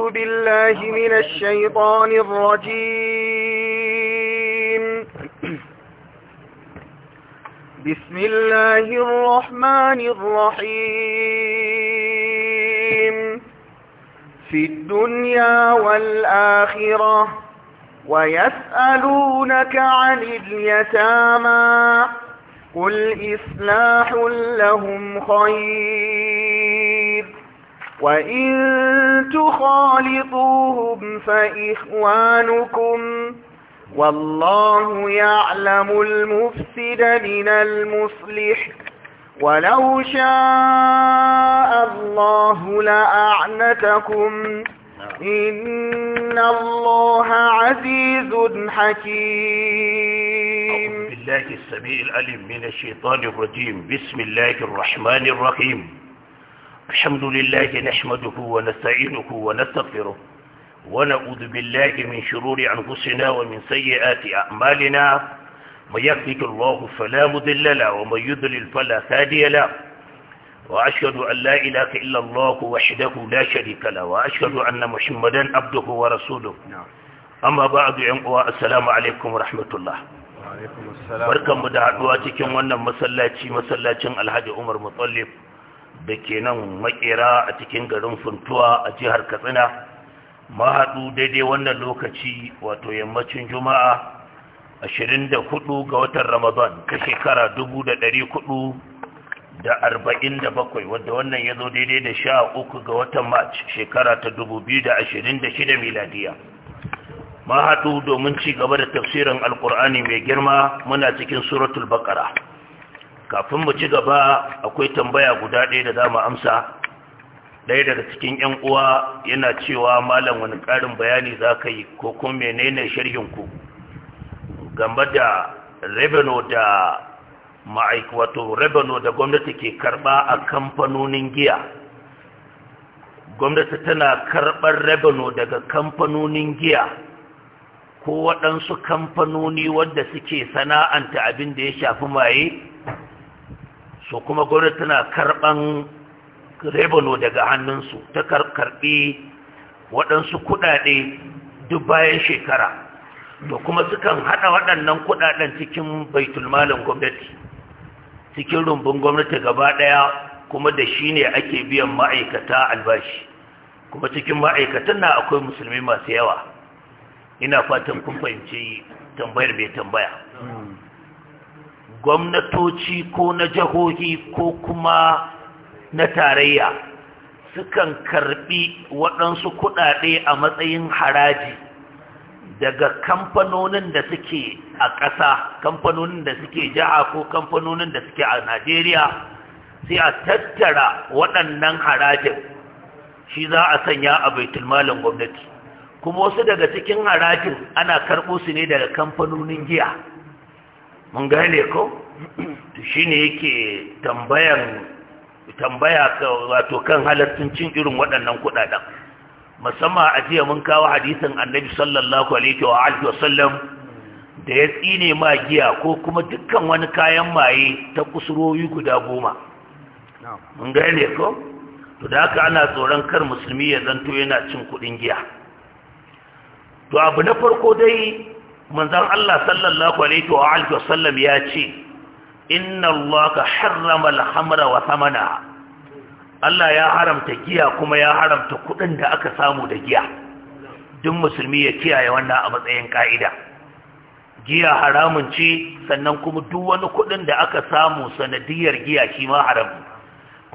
أعوذ بالله من الشيطان الرجيم بسم الله الرحمن الرحيم في الدنيا والآخرة ويسألونك عن اليتامى قل إصلاح لهم خير وإن تخالطوهم فإخوانكم والله يعلم المفسد من المصلح ولو شاء الله لأعنتكم إن الله عزيز حكيم بالله السميع العليم من الشيطان الرجيم بسم الله الرحمن الرحيم الحمد لله نحمده ونستعينه ونستغفره ونعوذ بالله من شرور أنفسنا ومن سيئات أعمالنا من يهدك الله فلا مضل له ومن يضلل فلا هادي له وأشهد أن لا إله إلا الله وحده لا شريك له وأشهد أن محمدا عبده ورسوله أما بعد السلام عليكم ورحمة الله barkanmu da haɗuwa cikin wannan masallaci masallacin alhaji umar mutsalif da ke nan makera a cikin garin funtuwa a jihar katsina mahaɗu daidai wannan lokaci wato yammacin juma'a 24 ga watan ramadan ka shekara 447 wadda wannan ya zo daidai da sha uku ga watan march shekara ta 2026 miladiya mahaɗu domin ci gaba da tafsirin alkur'ani mai girma muna cikin suratul bakara kafin mu ci gaba akwai tambaya guda ɗaya da zamu amsa ɗaya daga cikin yan uwa yana cewa malam wani ƙarin bayani za ka yi ko kuma menene sharhin ku game da revenue da ma'aik wato revenue da gwamnati ke karɓa a kamfanonin giya gwamnati tana karɓar revenue daga kamfanonin giya ko waɗansu kamfanoni wadda suke sana'anta abin da ya shafi maye so kuma gwamnati tana karɓan rebano daga hannunsu ta karɓi waɗansu kuɗaɗe duk bayan shekara to kuma sukan haɗa waɗannan kuɗaɗen cikin baitulmalin gwamnati cikin rumbun gwamnati gaba ɗaya kuma da shi ne ake biyan ma'aikata albashi kuma cikin ma'aikatan na akwai musulmi masu yawa ina fatan kun fahimci tambayar mai tambaya gwamnatoci ko na jihohi ko kuma na tarayya sukan karbi waɗansu kuɗaɗe a matsayin haraji daga kamfanonin da suke a ƙasa kamfanonin da suke jiha ko kamfanonin da suke a najeriya sai a tattara waɗannan harajin shi za a sanya a baitulmalin gwamnati kuma wasu daga cikin harajin ana karɓo su ne daga kamfanonin giya mun gane ko shi ne yake tambaya wato kan halattun cin irin waɗannan kuɗaɗen musamman a jiya mun kawo hadisin annabi sallallahu alaihi wa alihi wa sallam da ya tsine ma giya ko kuma dukkan wani kayan maye ta kusuroyi guda goma mun gane ko to da haka ana tsoron kar musulmi ya zanto yana cin kuɗin giya to abu na farko dai manzon Allah sallallahu ya ce inna allaha harrama al-hamra wa thamana Allah ya haramta giya kuma ya haramta kuɗin da aka samu da giya duk musulmi ya kiyaye wannan a matsayin ƙa'ida. giya haramun ce sannan kuma duk wani kudin da aka samu sanadiyyar giya shi ma haram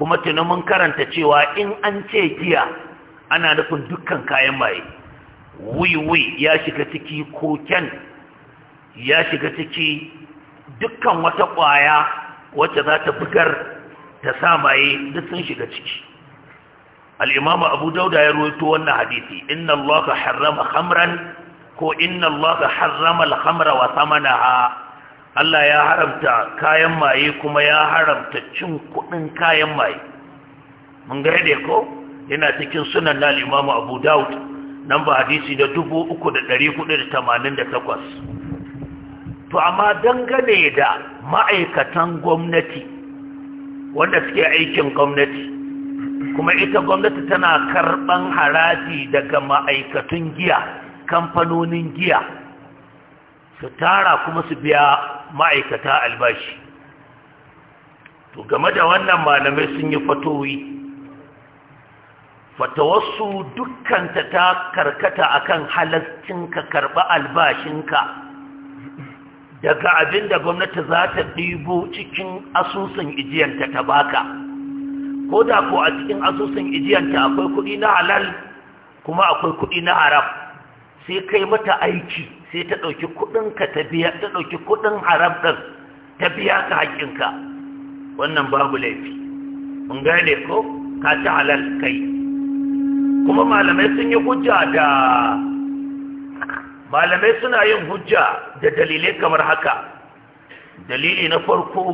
kuma tuni mun karanta cewa in an ce giya ana nufin dukkan kayan maye wuyi ya shiga ciki koken ya shiga ciki dukkan wata ƙwaya wacce za ta bugar ta maye duk sun shiga ciki al'imamu abu dauda ya ruwaito wannan hadisi inna allaha harrama hamran ko inna allaha harrama alhamra wa ha, Allah ya haramta kayan maye kuma ya haramta cin kudin kayan maye mun ga ko yana cikin sunan na al'imamu abu dauda nan ba hadisi da dubu uku da ɗari hudu da tamanin da takwas to amma dangane da ma'aikatan gwamnati wanda suke aikin gwamnati kuma ita gwamnati tana karɓan haraji daga ma'aikatun giya kamfanonin giya su tara kuma su biya ma'aikata albashi to game da wannan malamai sun yi fatowi wasu dukkanta ta karkata akan karba karɓa albashinka daga abin da gwamnati za ta ɗibo cikin asusun ijiyanta ta baka ko da ko a cikin asusun ijiyanta akwai kuɗi na halal kuma akwai kuɗi na haram sai kai mata aiki sai ta ɗauki kuɗinka ta biya ta ɗauki kuɗin haram ɗin ta biya ka haƙƙinka wannan babu laifi mun gane ko ka ci halal kai kuma malamai sun yi hujja da malamai suna yin hujja da dalilai kamar haka dalili na farko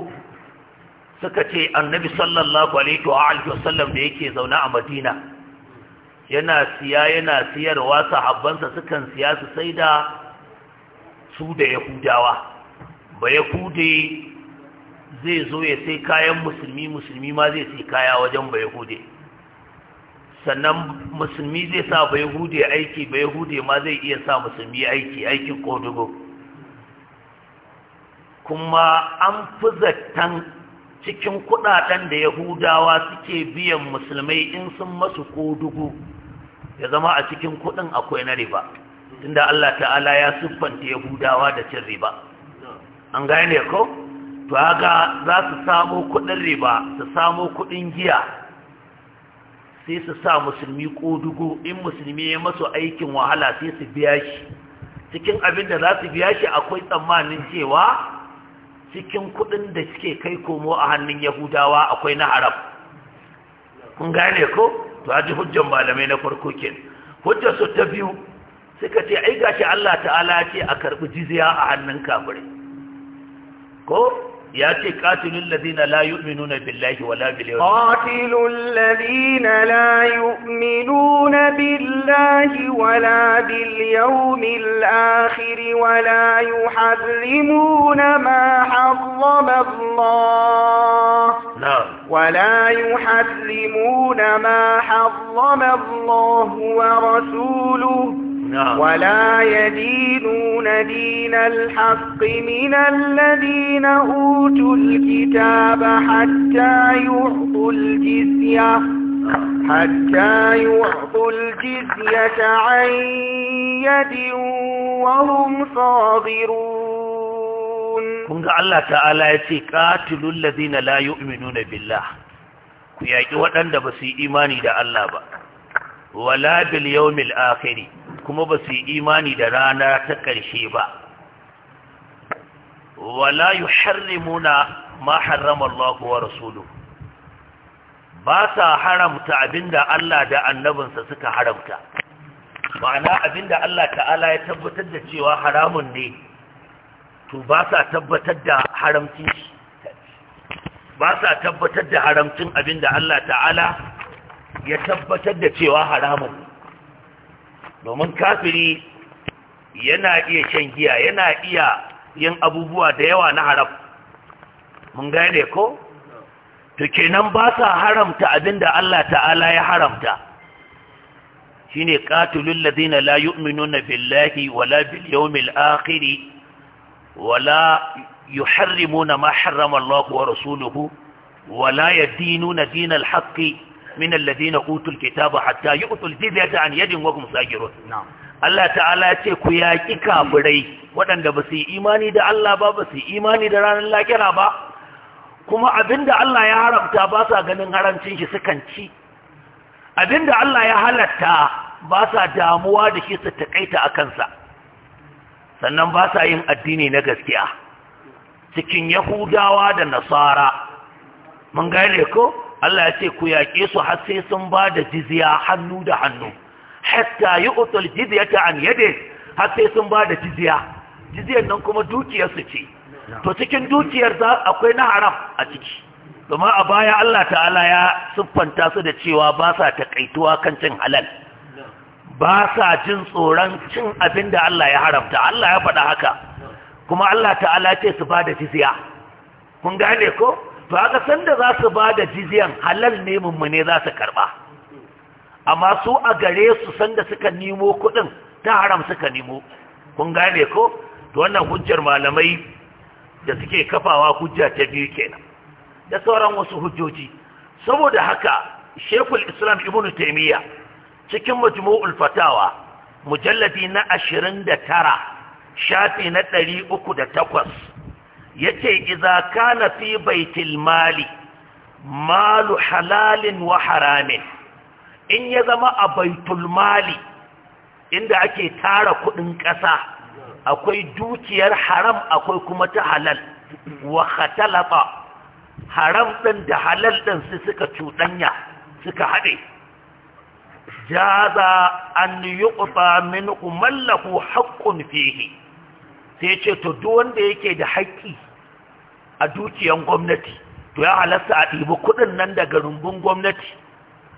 suka ce annabi sallallahu alaihi wa alihi wasallam da yake zaune a madina yana siya yana siyarwa sahabbansa sukan siya su da su da yahudawa ba yahudi zai zo ya sai kayan musulmi musulmi ma zai sai kaya wajen ba sannan musulmi zai sa ba hude aiki ba hude ma zai iya sa musulmi aiki aikin kodugo kuma an fi zattan cikin kudaden da yahudawa suke biyan musulmai in sun masu kodugo ya zama a cikin kudin akwai na riba tunda Allah ta'ala ya siffanta yahudawa da cin riba an gane ko to haka za su samo kudin riba su samo kudin giya sai su sa musulmi kodugo in musulmi ya masu aikin wahala sai su biya shi cikin abin da za su biya shi akwai tsammanin cewa cikin kudin da suke kai komo a hannun yahudawa akwai na arab kun gane ko to haji hujjan malamai na farko ke hujjar su ta biyu suka ce ai gashi Allah ta'ala ya ce a karɓi jizya a hannun kafirai ko ياتي قاتل الذين لا يؤمنون بالله ولا باليوم الاخر قاتل الذين لا يؤمنون بالله ولا باليوم الآخر ولا يحرمون ما حرم الله نعم ولا يحرمون ما حرم الله ورسوله نعم. ولا يدينون دين الحق من الذين أوتوا الكتاب حتى يعطوا الجزية حتى يعطوا الجزية عن يد وهم صاغرون كن الله تعالى يتقاتل الذين لا يؤمنون بالله كي yaƙi أن ba إيماني yi الله da Allah ba, kuma ba su yi imani da rana ta ƙarshe ba wala yuharrimuna ma harrama Allah wa rasuluhu ba sa haramta abinda Allah da annabinsa suka haramta ma'ana abinda Allah ta'ala ya tabbatar da cewa haramun ne to ba sa tabbatar da haramcin ba sa tabbatar da haramcin abinda Allah ta'ala ya tabbatar da cewa haramun domin kafiri yana iya shan giya yana iya yin abubuwa da yawa na haram mun gane ko to kenan ba sa haramta abinda Allah ta'ala ya haramta shine qatilul ladina la yu'minuna billahi wala bil yawmil akhir wala yuharrimuna ma harrama Allah wa rasuluhu wala yadinuna dinal haqqi من الذين utul الكتاب hatta يؤتوا jizyata an يد وهم صاغرون نعم Allah ta'ala ya ce ku yaƙi kafirai waɗanda ba su yi imani da Allah ba ba su yi imani da ranar lakira ba kuma abinda Allah ya haramta ba sa ganin haramcin shi sukan ci abinda Allah ya halatta ba sa damuwa da shi su takaita a kansa sannan ba sa yin addini na gaskiya cikin yahudawa da nasara mun gane ko Allah ya ce ku yaƙe su har sai sun ba da jizya hannu da hannu hatta yi utul ta an yade har sai sun ba da jizya jizyar nan kuma dukiyarsu ce to cikin dukiyar za akwai na haram a ciki domin a baya Allah ta'ala ya siffanta su da cewa ba sa taƙaituwa kan cin halal ba sa jin tsoron cin abin da Allah ya haramta Allah ya faɗa haka kuma Allah ta'ala ce su ba da jizya kun gane ko to haka sanda za su ba da jiziyan halal ne mummune za su karba amma su a gare su sanda suka nemo kuɗin ta haram suka nemo kun gane ko to wannan hujjar malamai da suke kafawa hujja ta biyu kenan da sauran wasu hujjoji saboda haka shekul islam ibnu taimiyya cikin majmu'ul fatawa mujalladi na ashirin da tara shafi na ɗari uku da takwas yace idza kana fi baitil mali malu halalin wa haramin in ya zama a baitul mali inda ake tara kudin ƙasa akwai dukiyar haram akwai kuma ta halal wa khatalata haram ɗin da halal ɗin su suka cuɗanya suka haɗe jaza an yuqta min mallaku haqqun fihi sai ce to duk wanda yake da haƙƙi a dukiyan gwamnati to ya halasta a ɗibi kuɗin nan daga rumbun gwamnati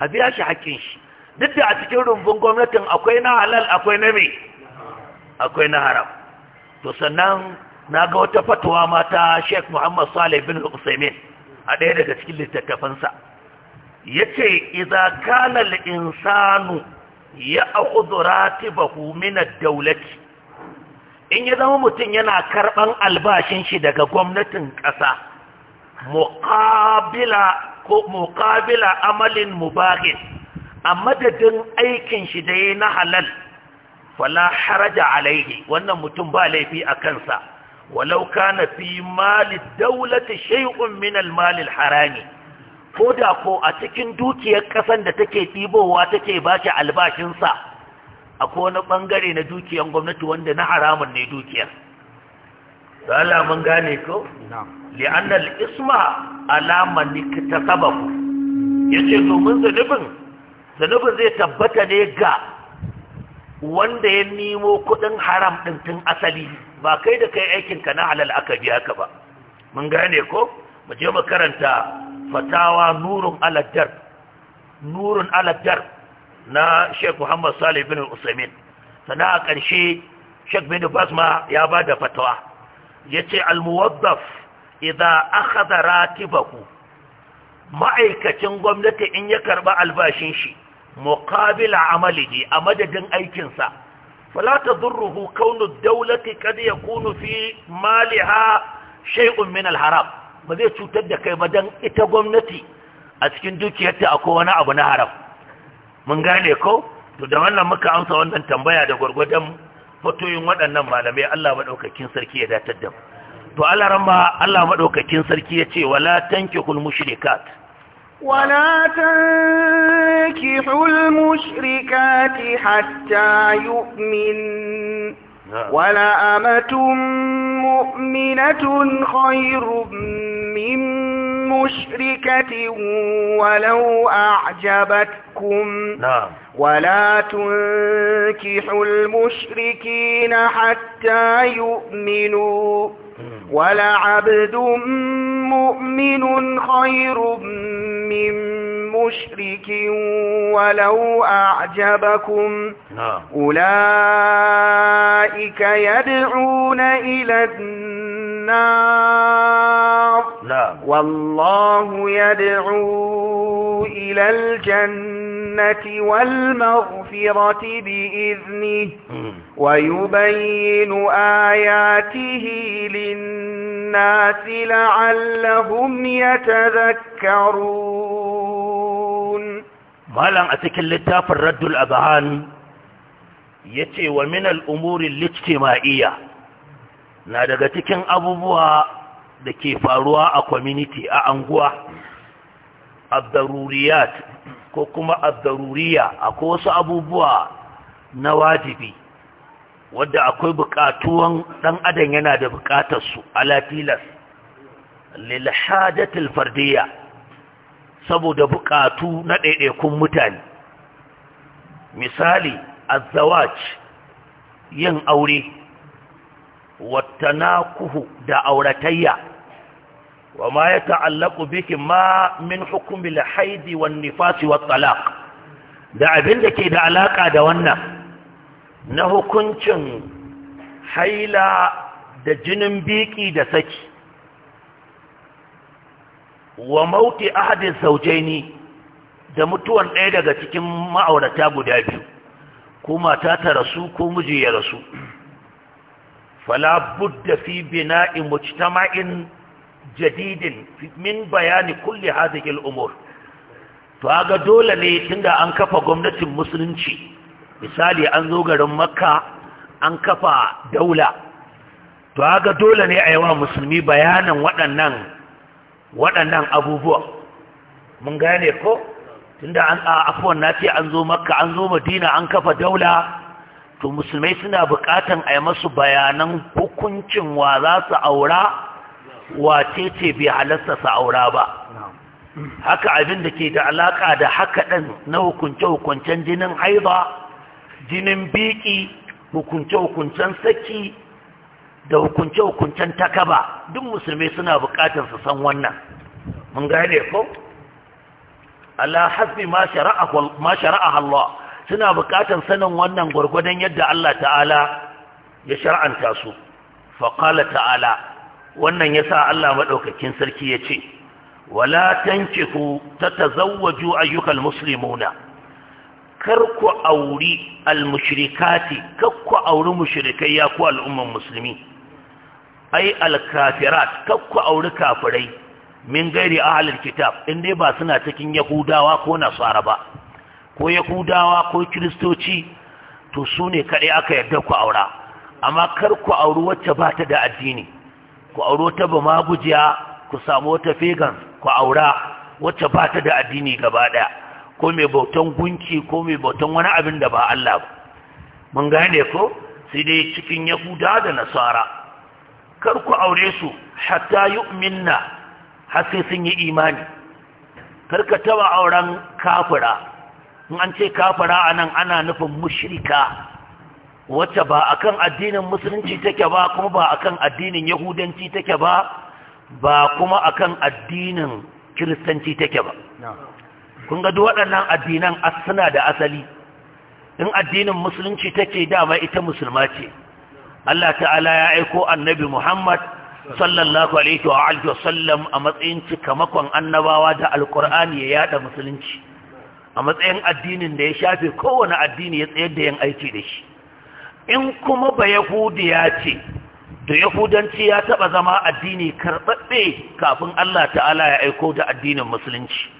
a biya shi haƙƙin shi duk da a cikin rumbun gwamnatin akwai na halal akwai na mai akwai na haram to sannan na ga wata fatawa mata sheikh muhammad salih bin usaimin a ɗaya daga cikin littattafansa ya ce iza kana insanu ya akudu ratibahu min ad-dawlati in ya zama mutum yana karɓan albashin shi daga gwamnatin ƙasa muƙabila amalin mubahin a madadin aikin shi da ya na halal fala haraja alaihi wannan mutum ba laifi a kansa walau kana fi mali daulati shai'un min al harami ko da ko a cikin dukiyar kasan da take ɗibowa take baki albashinsa akwai wani bangare na dukiyan gwamnati wanda na haramun ne dukiyar da Allah mun gane ko li'anna al-isma alama sababu. yace domin zanubin zanubin zai tabbata ne ga wanda ya nemo kudin haram ɗin tun asali ba kai da kai aikinka na halal aka biya ka ba mun gane ko mu je mu karanta fatawa nurun ala nurun na Sheikh Muhammad Salih bin Usaimin sannan a ƙarshe Sheikh bin Basma ya ba da fatawa yace al-muwaddaf idza akhadha ratibahu ma'aikacin gwamnati in ya karba albashin shi muqabila amalihi a madadin aikinsa fala tadurruhu kaunu dawlati kad yakunu fi maliha shay'un min al-haram ba zai cutar da kai ba dan ita gwamnati a cikin dukiyarta akwai wani abu na haram mun gane ko to da wannan muka amsa wannan tambaya da gwargwadon fatoyin waɗannan malamai Allah madaukakin sarki ya datar da to Allah ramma Allah madaukakin sarki ya ce wala tankihul mushrikat ولا تنكحوا المشركات حتى يؤمن ولأمة مؤمنة خير من مشركة ولو أعجبتكم نعم ولا تنكحوا المشركين حتى يؤمنوا ولعبد مؤمن خير من مشرك ولو أعجبكم نعم. أولئك يدعون إلى النار نعم. والله يدعو إلى الجنة والمغفرة بإذنه ويبين آياته للناس لعلهم يتذكرون malam a cikin littafin raddul abahan ya ce wa minal umurin lijtima'iyya na daga cikin abubuwa da ke faruwa a community a anguwa abdaruriyat ko kuma abdaruriya akwai wasu abubuwa na wajibi wadda akwai bukatuwan dan adam yana da bukatarsu ala tilas lil hajatil fardiyya saboda bukatu na ɗaiɗaikun mutane misali azawaj yin aure kuhu da auratayya wa ma ya ta'allaku bikin ma min hukumil haidi wa nifasi wa talaq da abin da ke da alaka da wannan na hukuncin haila da jinin biki da saki wa mauti ahadin saujaini da mutuwan ɗaya daga cikin ma'aurata guda biyu ko mata ta rasu ko miji ya rasu fala budda fi bina'i mujtama'in jadidin min bayani kulli hadhihi al-umur to aga dole ne tunda an kafa gwamnatin musulunci misali an zo garin makka an kafa daula to aga dole ne a yawa musulmi bayanan waɗannan waɗannan abubuwa mun gane ko tunda an afuwan nafi an zo makka an zo madina an kafa daula to musulmai suna buƙatan a yi masu bayanan hukuncin wa za su aura wace ce bai halasta su aura ba haka abin da ke da alaƙa da haka ɗan na hukunce-hukuncen jinin haiba jinin biki hukunce-hukuncen saki da hukunce-hukuncen takaba duk musulmi suna buƙatar su san wannan mun gane ko ala ma shara'a Allah suna buƙatar sanin wannan gwargwadon yadda Allah ta'ala ya shar'anta su faƙala ta'ala wannan ya sa Allah maɗaukakin sarki ya ce wala tankihu ta tazawwaju ayyukan muslimuna kar ku auri al-mushrikati kar ku auri mushrikai ya ku al'umman musulmi ai alkafirat kakku auri kafirai min gairi ahalin kitab in dai ba suna cikin yahudawa ko nasara ba ko yahudawa ko kiristoci to su ne kaɗai aka yarda ku aura amma kar ku auri wacce ba ta da addini ku auri wata ba magujiya ku samu wata fegan ku aura wacce ba ta da addini gaba ɗaya ko mai bautan gunki ko mai bautan wani abin da ba Allah ba mun gane ko sai dai cikin yahuda da nasara kar ku aure su hatta yu'minna har sai sun yi imani kar ka taba auren kafira in an ce kafira anan ana nufin mushirika. wacce ba akan addinin musulunci take ba kuma ba akan addinin yahudanci take ba ba kuma akan addinin kiristanci take ba kun ga duk waɗannan addinan suna da asali in addinin musulunci take dama ita musulma ce Allah ta'ala ya aiko annabi Muhammad sallallahu alaihi wa alihi wasallam a matsayin cikamakon annabawa da alkur'ani ya yada musulunci a matsayin addinin da ya shafe kowane addini ya tsayar da yan aiki da shi in kuma ba ya ce da yahudanci ya taba zama addini karɓaɓɓe kafin Allah ta'ala ya aiko da addinin musulunci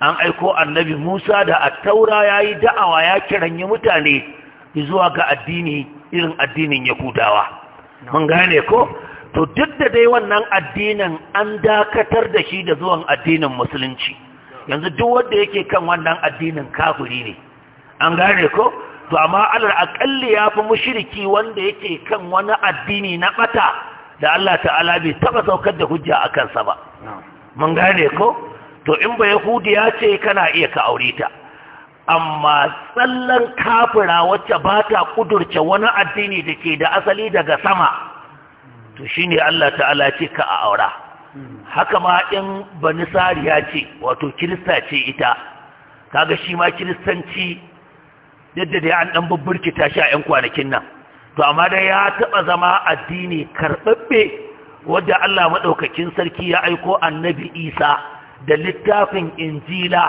an aiko annabi Musa da attaura yayi da'awa ya kiranyi mutane zuwa ga addini irin addinin yahudawa mun gane ko to duk da dai wannan addinin an dakatar da shi da zuwan addinin musulunci yanzu duk wanda yake kan wannan addinin kafiri ne an gane ko to amma Allah akalli ya fi mushriki wanda yake kan wani addini na bata da Allah ta'ala bai taba saukar da hujja a kansa ba mun gane ko to in ba yahudiya ce kana iya ka aure ta amma tsallan kafira wacce ba ta kudurce wani addini da ke da asali daga sama to shi ne Allah ta'ala ce ka a aura haka ma in banisariya ce wato kirista ce ita kaga shi ma kiristanci yadda da an dan babburkita shi a 'yan kwanakin nan to amma dai ya taɓa zama addini karɓaɓɓe wadda Allah maɗaukakin sarki ya aiko annabi isa da littafin injila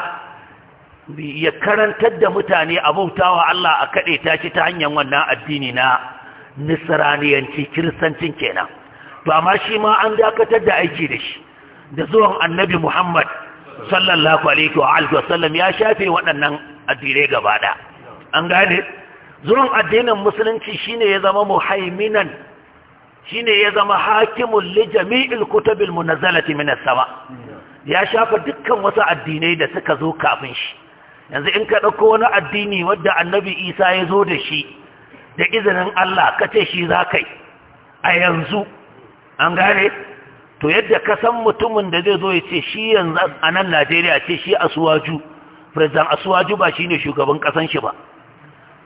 ya karantar da mutane a bauta wa Allah a kaɗe ta shi ta hanyar wannan addini na nisraniyanci kiristancin kenan ba amma shi ma an dakatar da aiki da shi da zuwan annabi Muhammad sallallahu alaihi wa alihi wasallam ya shafe waɗannan addinai gaba da an gane zuwan addinin musulunci shine ya zama muhaiminan shine ya zama hakimul li jami'il kutubil munazzalati minas sama ya shafa dukkan wasu addinai da suka zo kafin shi yanzu in ka ɗauko wani addini wadda annabi isa ya zo da shi da izinin Allah ka ce shi za kai a yanzu an gane to yadda ka san mutumin da zai zo ya ce shi yanzu a nan najeriya ce shi asuwaju firizan asuwaju ba shi ne shugaban ƙasan shi ba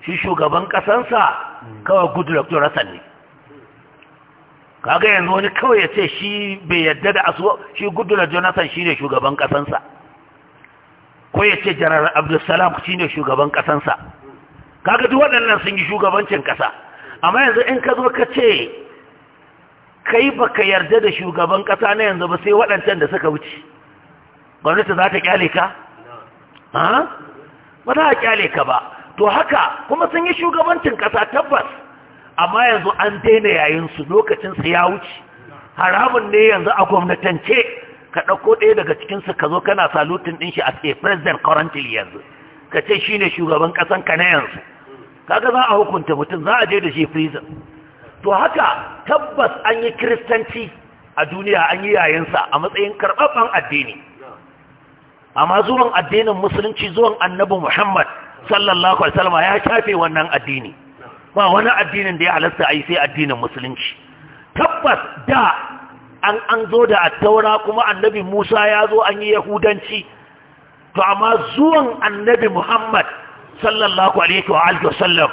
shi shugaban ƙasansa kawai goodluck jonathan ne kaga yanzu wani kawai ya ce shi bai yadda da asuwa shi goodluck jonathan shi ne shugaban ƙasansa ko ya ce janar abdulsalam shi ne shugaban ƙasansa kaga duk waɗannan sun yi shugabancin ƙasa amma yanzu in ka zo ka ce kai ba ka yarda da shugaban ƙasa na yanzu ba sai waɗancan da suka wuce gwamnati za ta kyale ka? ba za a kyale ka ba to haka kuma sun yi shugabancin ƙasa tabbas amma yanzu an daina yayinsu lokacinsu ya wuce haramun ne yanzu a gwamnatance ka ɗauko ɗaya daga cikinsu ka zo kana salutin ɗin shi a ce president currently yanzu ka ce shi ne shugaban ƙasan ka na yanzu kaga za a hukunta mutum za a je da shi prison to haka tabbas an yi kiristanci a duniya an yi yayinsa a matsayin karɓaɓɓen addini amma zuwan addinin musulunci zuwan annabi muhammad sallallahu alaihi wasallam ya shafe wannan addini ba wani addinin da ya halasta a yi sai addinin musulunci tabbas da an an zo da attaura kuma annabi Musa ya zo an yi yahudanci to amma zuwan annabi Muhammad sallallahu alaihi wa alihi wasallam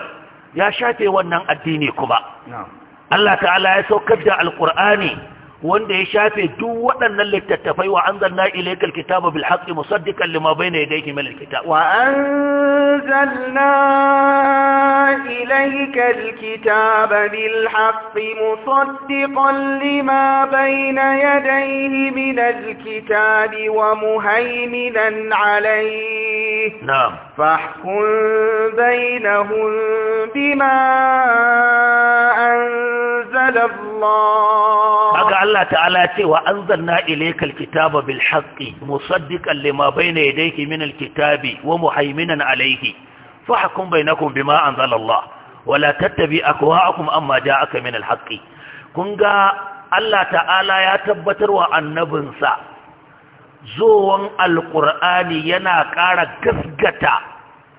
ya shafe wannan addini kuma Allah ta'ala ya saukar da alqur'ani wanda ya shafe duk waɗannan littattafai wa anzalna ilayka alkitaba bil haqqi musaddiqan lima bayna yadayhi min alkitab wa anzalna ilayka alkitaba bil haqqi musaddiqan lima bayna yadayhi min alkitabi wa muhaiminan alayhi na'am fahkum bainahum bima anzala Allah Allah ta'ala ce wa anzalna ilaykal kitaba bil haqqi musaddiqan lima bayna yadayki min al kitabi wa muhaiminan alayhi fahkum bainakum bima anzala Allah wala tattabi akwa'akum amma ja'aka min al haqqi kun ga Allah ta'ala ya tabbatar wa annabinsa zowan alqur'ani yana ƙara gasgata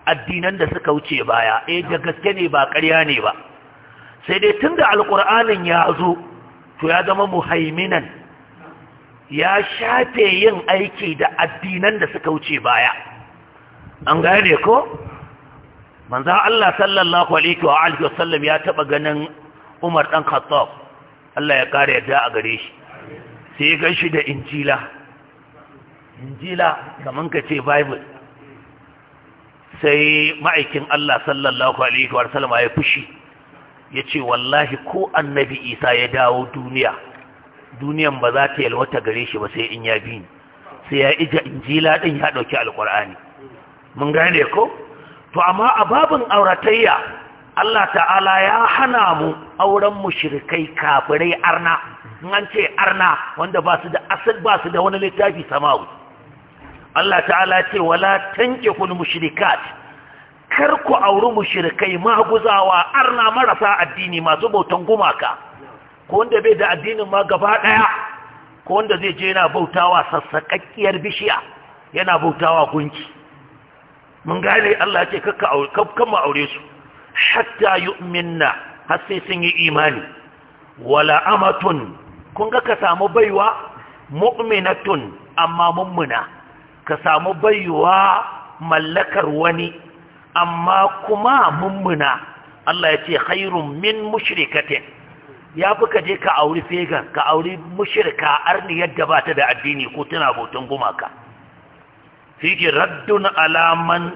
addinan da suka wuce baya eh da gaske ne ba ƙarya ne ba sai dai tunda alqur'anin ya zo to ya zama muhaiminan ya shafe yin aiki da addinan da suka wuce baya an gane ko manzo Allah sallallahu alaihi wa alihi wasallam ya taba ganin Umar dan Khattab Allah ya kare yadda a gare shi sai ya gashi da injila injila kaman ka ce bible sai ma'aikin Allah sallallahu alaihi wa sallama ya fushi ya ce wallahi ko annabi isa ya dawo duniya duniyan ba za ta yalwata gare shi ba sai in ya bi ni sai ya ija injila din ya ɗauki alƙur'ani mun gane ko to amma a babin auratayya Allah ta'ala ya hana mu auren mushrikai kafirai arna mun an ce arna wanda ba su da asal ba su da wani littafi samawu Allah ta'ala ce wala tankihul mushrikat kar ku auri mushrikai maguzawa arna marasa addini masu bautan gumaka ko wanda bai da addinin ma gaba daya ko wanda zai je yana bautawa sassakakkiyar bishiya yana bautawa gunki mun gane Allah ce kakka aure kakkan mu aure su hatta yu'minna har sai sun yi imani wala amatun kun ga ka samu baiwa mu'minatun amma mummuna ka samu baiwa mallakar wani amma kuma mummuna Allah ya ce khairun min mushrikatin ya fi ka je ka auri fegan ka auri mushrika ni yadda ba ta da addini ko tana bautan gumaka fi raddun alaman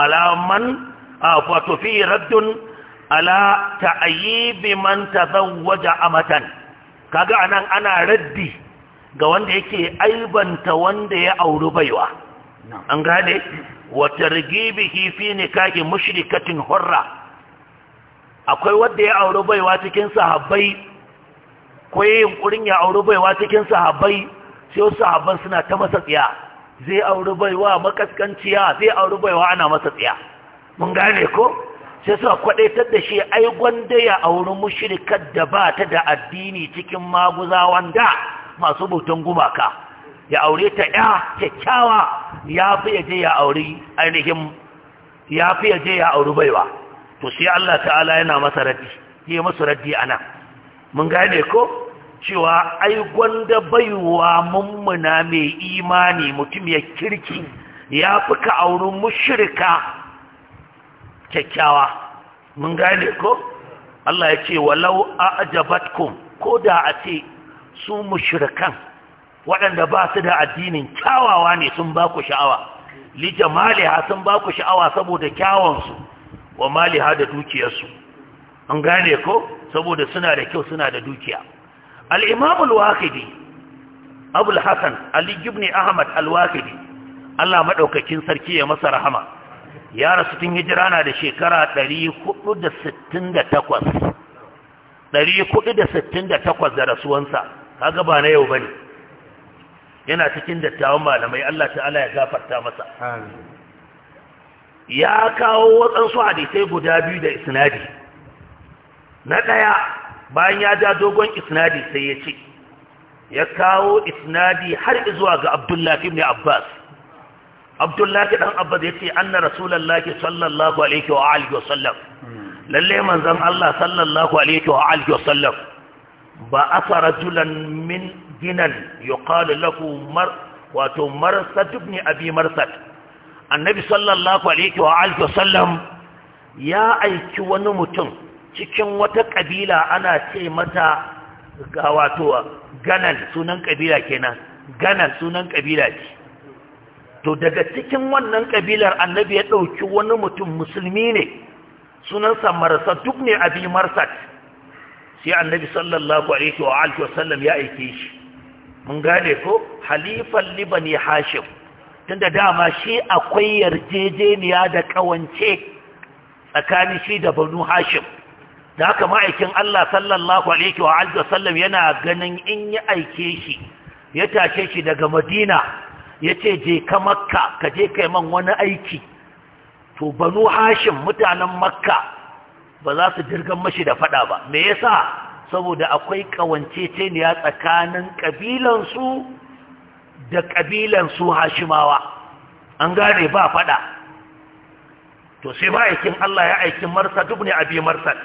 alaman wato fi raddun ala ta'ayibi man tazawwaja amatan kaga anan ana raddi ga wanda yake aibanta wanda ya auri baiwa an gane wa targibihi fi nikahi mushrikatin hurra akwai wanda ya auri baiwa cikin sahabbai ko yin kurin ya auri baiwa cikin sahabbai sai wasu sahabban suna ta masa tsiya zai auri baiwa makaskanciya zai auri baiwa ana masa tsiya mun gane ko sai suka kwadaitar da shi ai gwanda ya auri mushrikat da ba ta da addini cikin maguzawan da masu bautan gumaka ya aure ta ya kyakkyawa ya fi yaje ya auri ainihin ya fi yaje ya auri baiwa to sai Allah ta'ala yana masa raddi yi masa raddi ana mun gane ko cewa ai gwanda baiwa mummuna mai imani mutum ya kirki ya fi ka aure mushrika kyakkyawa mun gane ko Allah ya ce walau a'jabatkum ko da a ce su mushrikan waɗanda ba su da addinin kyawawa ne sun ba ku sha'awa li maliha sun ba ku sha'awa saboda kyawansu wa maliha da dukiyarsu an gane ko saboda suna da kyau suna da dukiya al-imam al-waqidi ali ibn ahmad al-waqidi Allah madaukakin sarki ya masa rahama ya rasu tun hijira na da shekara 468 468 da rasuwansa kaga ba na yau bane yana cikin dattawan malamai Allah ta'ala ya gafarta masa ya kawo waɗansu hadisai guda biyu da isnadi na ɗaya bayan ya ja dogon isnadi sai ya ce ya kawo isnadi har zuwa ga abdullahi ibn abbas abdullahi ɗan abbas ya ce anna rasulallah sallallahu alaihi wa alihi wa sallam hmm. lalle manzon Allah sallallahu alaihi wa alihi wa sallam ba asa rajulan min dinan yuqalu lahu mar wato marsad ibn abi marsad annabi sallallahu alaihi wa alihi wasallam ya aiki wani mutum cikin wata kabila ana ce mata ga wato ganal sunan kabila kenan ganal sunan kabila ce to daga cikin wannan kabilar annabi ya dauki wani mutum musulmi ne sunansa marsad duk ne abi marsad sai annabi sallallahu alaihi wa alihi wasallam ya aike shi mun gane ko halifan libani hashim tunda dama shi akwai yarjejeniya da kawance tsakanin shi da banu hashim da haka ma'aikin Allah sallallahu alaihi wa alihi wasallam yana ganin in yi aike shi ya tashe shi daga Madina ce je ka Makka ka je kai man wani aiki to banu hashim mutanen Makka ba za su dirgan mashi da fada ba me yasa saboda akwai ƙawanceceniya tsakanin ƙabilansu da ƙabilansu hashimawa an gane ba faɗa to sai ma'aikin Allah ya aikin marsa duk ne abi marsal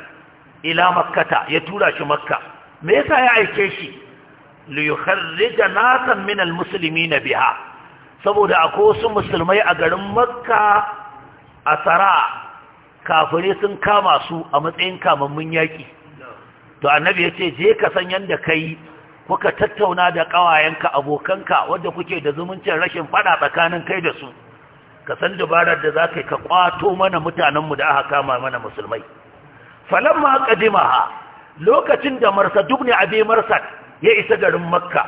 ila makkata ya tura shi makka me yasa ya aike shi li yukhrija nasan min almuslimina biha saboda akwai wasu musulmai a garin makka asara kafirai sun kama su a matsayin kamammun yaƙi to annabi ya ce je ka san yadda kai kuka tattauna da ƙawayenka abokanka wadda kuke da zumuncin rashin fada tsakanin kai da su ka san dabarar da za ka ka ƙwato mana mutanenmu da aka kama mana musulmai falamma qadimaha lokacin da marsa dubni abi marsa ya isa garin makka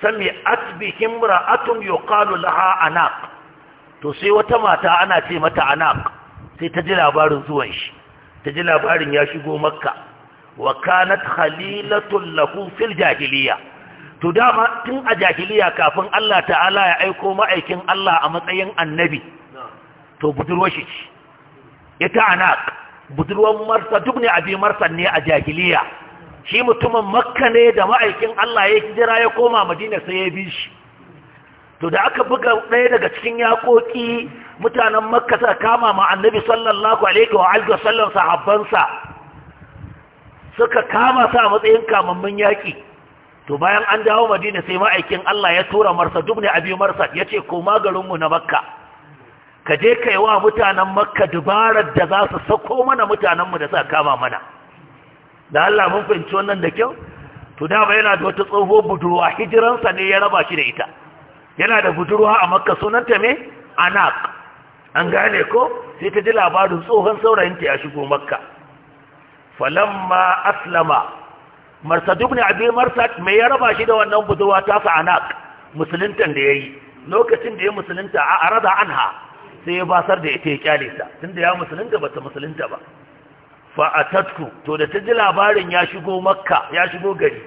sami atbihim ra'atun yuqalu laha anaq to sai wata mata ana ce mata anaq sai ta ji labarin zuwan shi ta ji labarin ya shigo makka wa kanat khalilatun lahu fil jahiliya to dama tun a jahiliya kafin Allah ta'ala ya aiko ma'aikin Allah a matsayin annabi to budurwa shi ce ita anak budurwar marsa duk ne abi marsa ne a jahiliya shi mutumin makka ne da ma'aikin Allah ya jira ya koma madina sai ya bi shi to da aka buga ɗaya daga cikin yakoki mutanen makka suka kama ma annabi sallallahu alaihi wa alihi sahabbansa suka kama sa a matsayin kamammin yaƙi to bayan an dawo madina sai ma'aikin Allah ya tura marsa duk ne abi marsa ya ce koma garinmu na makka ka je ka yi wa mutanen makka dubarar da za su sako mana mutanenmu da sa kama mana da Allah mun fahimci wannan da kyau to dama yana da wata tsoho budurwa hijiransa ne ya raba shi da ita yana da budurwa a makka sunanta me anak an gane ko sai ta ji labarin tsohon saurayinta ya shigo makka falamma aslama marsad ibn abi marsad me ya raba shi da wannan budurwa ta sa anak musuluntan da yayi lokacin da ya musulunta a arada anha sai ya basar da ita ya kyale ta tunda ya musulunta bata musulunta ba fa atatku to da ta ji labarin ya shigo makka ya shigo gari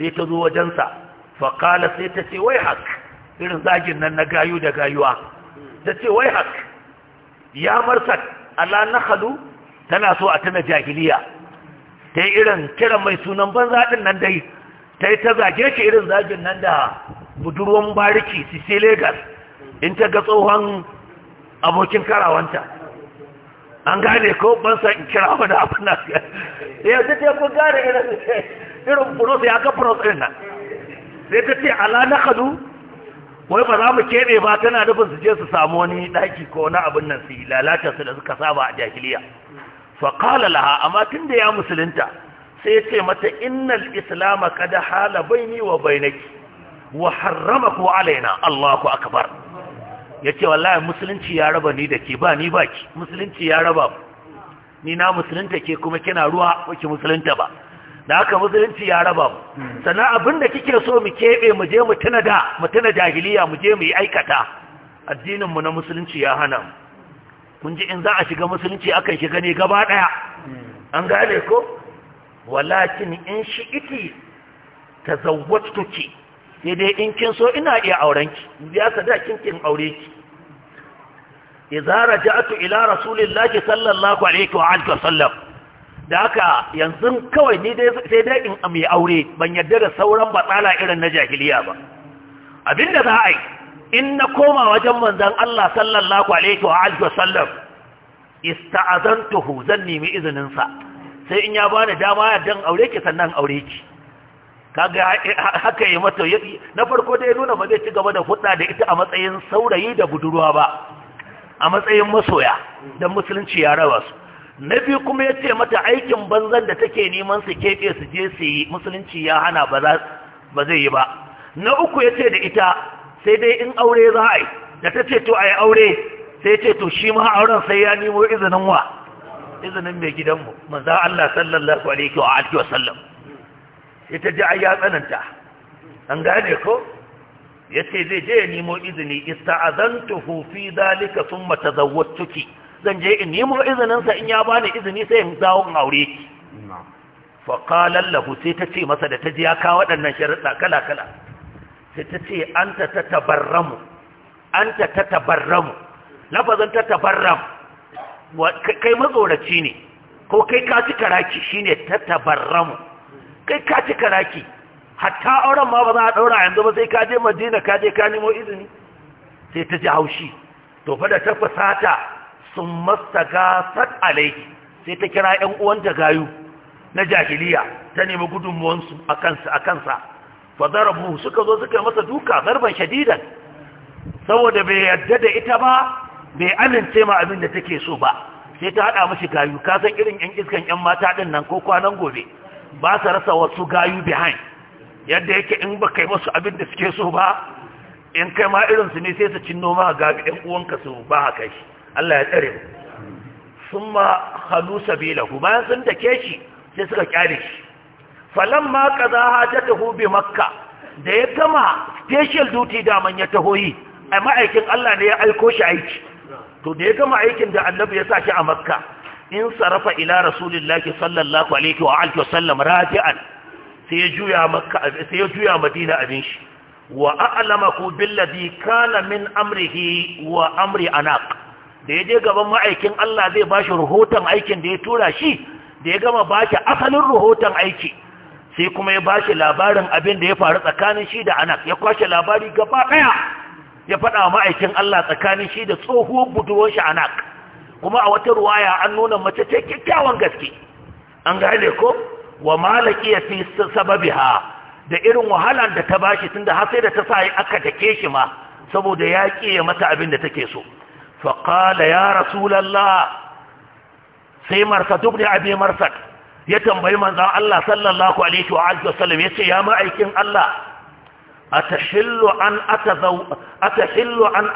sai ta zo wajensa fa qala sai ta ce wai hak irin zagin nan na gayu da gayuwa ta ce wai hak ya marsad ala nakhalu tana so a tana jahiliya ta yi irin kira mai sunan ban zaɗin nan dai ta yi ta zage ki irin zagin nan da budurwan bariki sisi Legas in ta ga tsohon abokin karawanta an gane ko ban sa in kira wani abu na ya yanzu ta kun gane irin buros ya ga buros ɗin nan sai ta ce ala na kadu wai ba za mu keɓe ba tana nufin su je su samu wani ɗaki ko wani abin nan su yi lalata su da suka saba a jahiliya faƙala laha amma tun da ya musulunta sai ce mata innal islama kada hala baini wa bainaki wa harrama ku alaina Allahu akbar yace wallahi musulunci ya raba ni da ke ba ni ba ki musulunci ya raba ni na musulunta ke kuma kina ruwa ba ki musulunta ba da haka musulunci ya raba mu sannan abin da kike so mu keɓe mu je mu tuna da mu tuna jahiliya mu je mu yi aikata addininmu na musulunci ya hana mu kun ji in za a shiga musulunci akan shiga ne gaba ɗaya an gane ko walakin in shi iti ta sai dai in kin so ina iya aurenki ya sadakin kin aure ki idza raja'tu ila rasulillahi sallallahu alaihi wa alihi wasallam da haka yanzu kawai ni dai sai dai in mai aure ban yarda da sauran batsala irin na jahiliya ba abinda za a yi in na koma wajen manzan Allah sallallahu alaihi wa alihi wasallam ista'azantuhu zan nemi izinin sa sai in ya bani dama ya dan aure ki sannan aure ki kaga haka yi mata na farko da ya nuna ba zai ci gaba da hudda da ita a matsayin saurayi da budurwa ba a matsayin masoya dan musulunci ya raba su na biyu kuma ya ce mata aikin banzan da take neman su kebe su je su yi musulunci ya hana ba zai yi ba na uku ya ce da ita sai dai in aure za a yi da ta ce to a yi aure sai ce to shi ma auren sai ya nemo izinin wa izinin mai gidanmu manzan Allah sallallahu alaihi wa alihi wa sallam sai ta ji ayya tsananta an gane ko yace zai je ya nemo izini ista'azantuhu fi dalika thumma tazawwajtuki zan je in nemo izinin sa in ya bani izini sai in dawo in aure ki fa qala lahu sai ta ce masa da ta ji ya kawo waɗannan sharuɗa kala kala sai ta ce anta ta tabarramu anta ta tabarramu lafazin ta tabarram kai mazauraci ne ko kai ka ci karaki shine ta tabarramu kai ka ci karaki hatta auren ma ba za a daura yanzu ba sai ka je madina ka je ka nemo izini sai ta ji haushi to fa da ta fasata sun mastagasat alaihi sai ta kira 'yan uwanta gayu na jahiliya ta nemi gudunmuwansu a kansa a kansa fadarabu suka zo suka masa duka zarban shadidan saboda bai yadda da ita ba bai amince ma abin da take so ba sai ta hada mashi gayu ka san irin yan iskan yan mata din nan ko kwanan gobe ba su rasa wasu gayu behind yadda yake in ba kai masu abin da suke so ba in kai ma irin su ne sai su cinno ma gabi ɗan uwanka su ba haka shi Allah ya tsare mu sun ma halu sabila bayan sun dake shi sai suka kyale shi falamma ta ta bi makka da ya gama special duty daman ya taho yi a ma'aikin Allah ne ya aiko shi aiki to da ya gama aikin da annabi ya sa shi a makka in sarafa ila rasulillahi sallallahu alaihi wa alihi wasallam raji'an sai ya juya makka sai ya juya madina abin shi wa a'lamaku billadhi kana min amrihi wa amri anaq da ya je gaban ma'aikin Allah zai bashi rahoton aikin da ya tura shi da ya gama baki asalin rahoton aiki sai kuma ya ba shi labarin abin da ya faru tsakanin shi da anak ya kwashe labari gaba ɗaya, ya faɗa wa ma'aikin Allah tsakanin shi da tsohuwar budurwar shi anak kuma a wata ruwaya an nuna mace ce kyakkyawan gaske an gane ko wa malaki ya fi ha da irin wahalan da ta bashi tunda har sai da ta sa aka take shi ma saboda ya ya mata abin da take so fa qala ya rasulullah sai marsa dubni abi marsad ya tambayi manzan Allah sallallahu alaihi wa ya ce ya ma'aikin Allah a tashillu an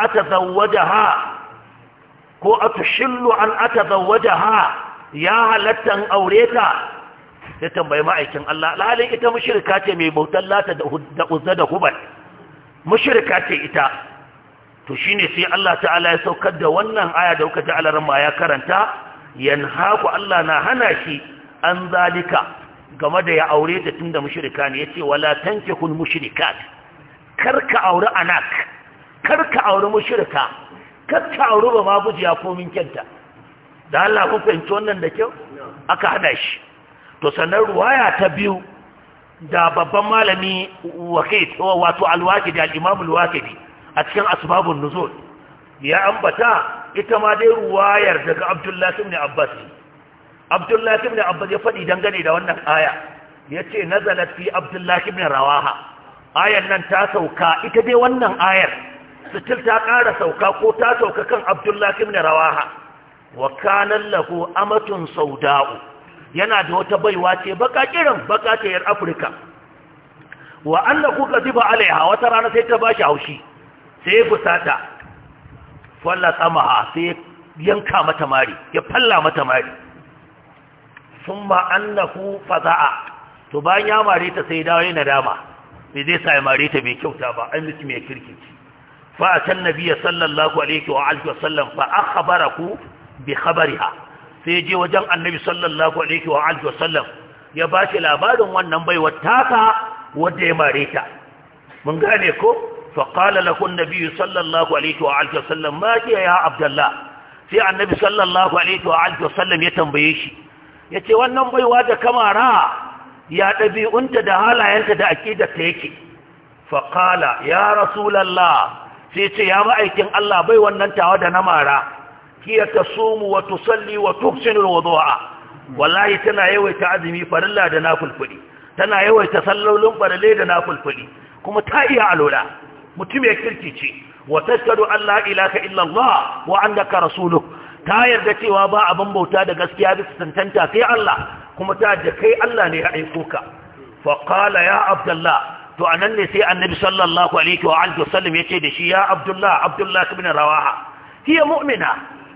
ata zawaja ha ko a tashillu an ata zawaja ha ya halattan aure ta ya tambayi ma'aikin Allah lalin ita mashirka ce mai bautar lata da uzza da hubal mashirka ce ita to ne sai Allah ta'ala ya saukar da wannan aya da kuka ji alaran ma ya karanta yanhaku Allah na hana shi an zalika game da ya aure ta tunda mushrika ne Ya yace wala kun mushrikat karka aure anak karka aure mushrika karka aure ba ma gujiya ko kenta. da Allah ku fahimci wannan da kyau aka hada shi to sannan ruwaya ta biyu da babban malami wato al-waqidi al-imam al a cikin asbabun nuzul ya ambata ita ma dai ruwayar daga Abdullahi ibn Abbas abdullahi ibn abbas ya faɗi dangane da wannan aya ya ce nazalat fi abdullahi ibn rawaha ayan nan ta sauka ita dai wannan ayar sitil ta ƙara sauka ko ta sauka kan abdullahi ibn rawaha wa kanan lahu amatun sauda'u yana da wata baiwa ce baka kiran baka ce yar afirka wa annahu qadiba alaiha wata rana sai ta bashi haushi sai fusata falla samaha sai yanka mata mari ya falla mata mari thumma annahu faza'a to bayan ya mare ta sai dawo yana dama me zai sa ya mare ta bai kyauta ba an miki mai kirkici fa a atan nabiyyi sallallahu alaihi wa alihi wasallam fa akhbaraku bi khabariha sai je wajen annabi sallallahu alaihi wa alihi sallam ya ba shi labarin wannan baiwa taka wanda ya mare ta mun gane ko fa qala lahu an-nabiy sallallahu alaihi wa alihi wasallam ma ya ya abdullah sai annabi sallallahu alaihi wa alihi wasallam ya tambaye shi ya ce wannan baiwa da kamara ya ɗabi'unta da halayenta da aƙidarta yake faƙala ya rasulallah sai ce ya ma'aikin Allah bai wannan tawa da na mara hiya ta sumu wa tusalli wa tuksinu wudu'a wallahi tana yawaita azumi farilla da nafulfuli tana yawaita sallolin farille da fulfuli kuma ta iya alola mutum ya kirkice wa tashhadu an la ilaha illallah wa annaka rasuluhu ta yarda cewa ba abin bauta da gaskiya bisa tantanta kai Allah kuma ta yarda kai Allah ne ya aiko ka fa qala ya abdullah to anan ne sai annabi sallallahu alaihi wa alihi wasallam yace da shi ya abdullah abdullah ibn rawaha hiya mu'mina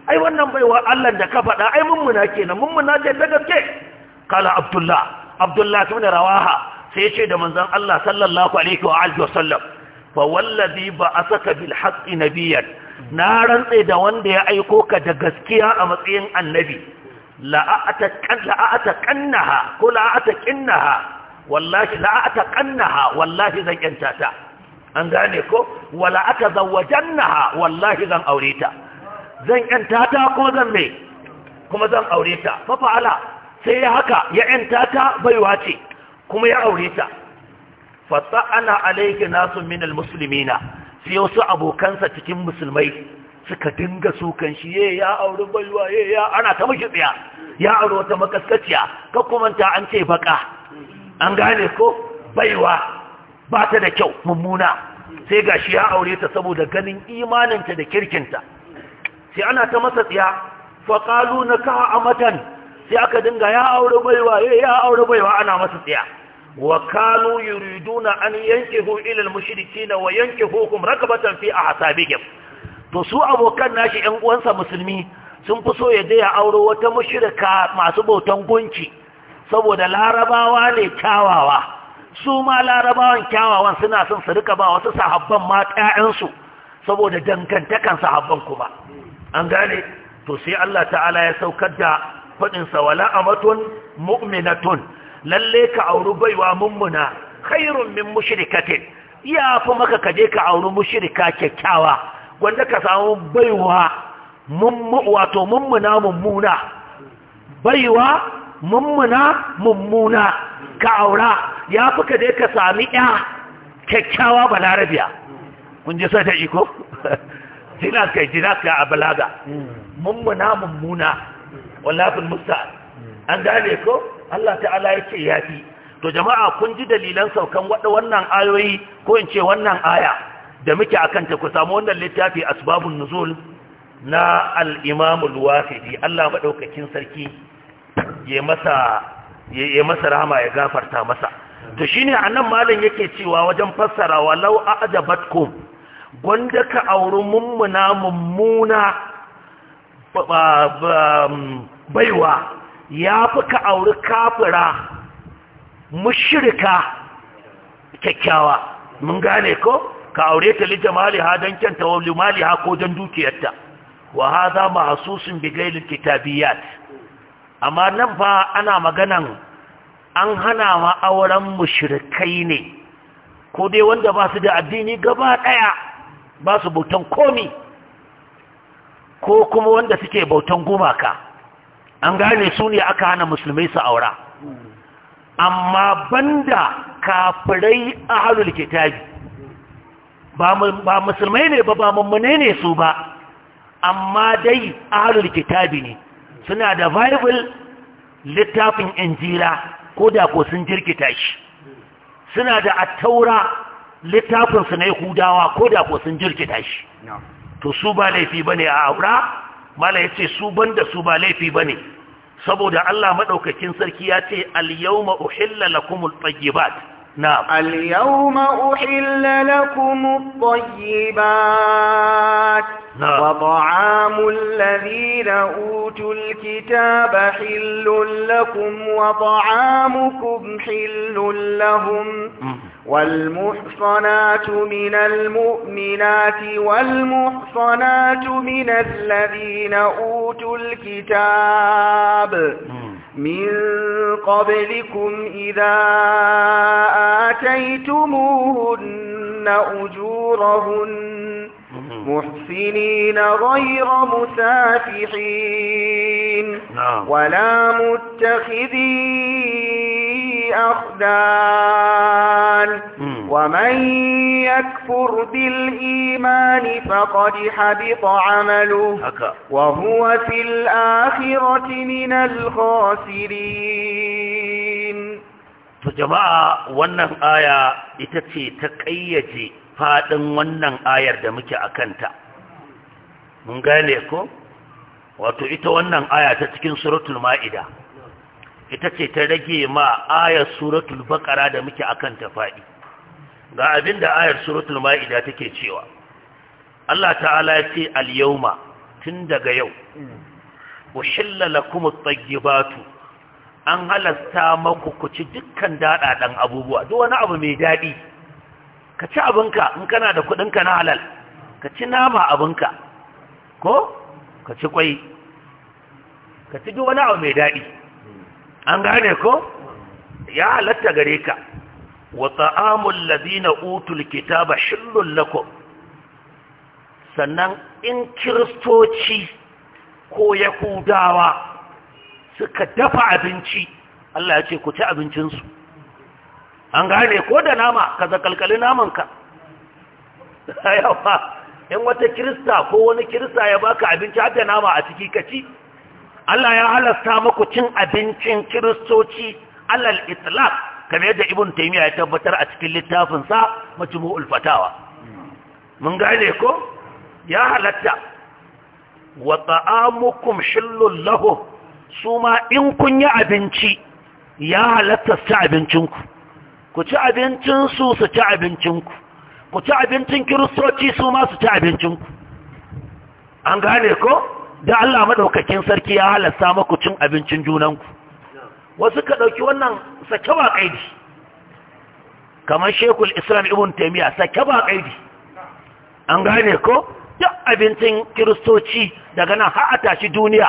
ai wannan baiwa Allah da ka faɗa ai mummuna kenan mummuna ce da gaske qala abdullah abdullah ibn rawaha sai yace da manzon Allah sallallahu alaihi wa alihi wasallam fa wallazi ba'athaka bil haqqi nabiyyan na rantse da wanda ya aiko ka da gaskiya a matsayin annabi la'ata kannaha ko la'ata kinnaha wallahi la'ata kannaha wallahi zan yanta ta an gane ko wala ata zawajannaha wallahi zan aure ta zan yanta ta ko zan me kuma zan aure ta fa fa'ala sai ya haka ya yanta ta baiwa ce kuma ya aure ta fa ta'ana alayka nasu minal muslimina sai wasu abokansa cikin musulmai suka dinga sukan shi ye ya auri baiwa ye ya ana ta mashi tsaya ya auri wata makaskaciya ka ta an ce baka an gane ko baiwa ba ta da kyau mummuna sai gashi ya aure ta saboda ganin imaninta da kirkinta sai ana ta masa tsaya fa na kaha amatan sai aka dinga ya aure baiwa ye ya aure baiwa ana masa tsaya wa kanu yuriduna an yankihu ila al-mushrikeena wa yankihuhum rakabatan fi ahsabihim to su abokan nashi ƴan uwansa musulmi sun fi so ya daya aure auro wata mushrika masu bautan gunki saboda larabawa ne kyawawa su ma larabawan kyawawan suna son su rika ba wasu sahabban ma ƴaƴansu saboda dangantakan sahabban kuma an gane to sai Allah ta'ala ya saukar da faɗinsa wala amatun mu'minatun lalle ka auri baiwa mummuna khairun min mushrikatin ya fi maka kaje ka auri mushrika kyakkyawa wanda ka samu baiwa wato mummuna mummuna baiwa mummuna mummuna ka aura ya fi kaje ka sami ya kyakkyawa balarabiya kun ji sai ta iko jina kai a balaga hmm. mummuna mummuna wallafin musta an gane ko Allah ta'ala ya ce ya fi to jama'a kun ji dalilan saukan waɗa wannan ayoyi ko in ce wannan aya da muke a kanta ku samu wannan littafi asbabun nuzul na al'imamu imam al-wafidi Allah maɗaukakin sarki ya masa rama ya gafarta masa to shine nan malam yake cewa wajen fassara walau a'jabatkum gwanda ka auri mummuna mummuna baiwa ya fi ka auri kafira mushirka kyakkyawa mun gane ko ka aure ta maliha don kyanta wa ha ko don dukiyarta wa za mahsusun bi bigailin kitabiyat amma nan fa ana maganan an hana ma auren mushirkai ne ko dai wanda ba su da addini gaba ɗaya ba su bautan komi ko kuma wanda suke bautan gumaka an gane su ne aka hana musulmai su aura amma banda kafirai a ahlul kitabi ba musulmai ne ba ba mummune ne su ba amma dai a ahlul kitabi ne suna da bible littafin injira ko da ko sun jirkita shi suna da attaura littafinsu na yahudawa ko da ko sun jirkita shi to su ba laifi ba ne a aura mala yace su banda su ba laifi bane saboda Allah maɗaukakin sarki ya ce al yawma uhilla lakumul tayyibat نعم اليوم أحل لكم الطيبات نعم. وطعام الذين أوتوا الكتاب حل لكم وطعامكم حل لهم والمحصنات من المؤمنات والمحصنات من الذين أوتوا الكتاب م. من قبلكم إذا آتيتموهن أجورهن محسنين غير مسافحين نعم. ولا متخذي أخدان ومن يكفر بالإيمان فقد حبط عمله وهو في الآخرة من الخاسرين فجماعة ونف آية aya تكيتي faɗin wannan ayar da muke a kanta mun gane ko wato ita wannan aya ta cikin suratul ma'ida ita ce ta rage ma ayar suratul baƙara da muke a kanta faɗi ga abin ayar suratul ma'ida take cewa Allah ta'ala ya ce al-yawma tun daga yau ku shillala kuma at batu an halasta maku ku ci dukkan daɗaɗen abubuwa duk wani abu mai daɗi. ka ci abinka in kana da kuɗinka na halal ka ci nama abinka ko ka ci kwai ka ci duk wani abu mai daɗi an gane ko ya halatta gare ka wa ta'amul ladina utul kitaba shillun lakum sannan in kiristoci ko yahudawa suka dafa abinci Allah ya ce ku ci abincinsu an gane ko da nama ka zakalkali namanka yawa in wata kirista ko wani kirista ya baka abinci hada nama a ciki ka ci? Allah ya halasta muku cin abincin kiristoci alal itlaq kamar yadda ibn taymiya ya tabbatar a cikin littafin sa majmu'ul fatawa mun gane ko ya halatta wa ta'amukum shillul lahu suma in kun yi abinci ya halatta su abincinku ku ci abincinsu su ci abincinku ku ci abincin kiristoci su ma su ci abincinku an gane ko da Allah madaukakin sarki ya halasta maku cin abincin junanku wasu ka ɗauki wannan sake ba ƙaidi kamar shekul islam ibn taimiyya sake ba ƙaidi an gane ko duk abincin kiristoci daga nan har a tashi duniya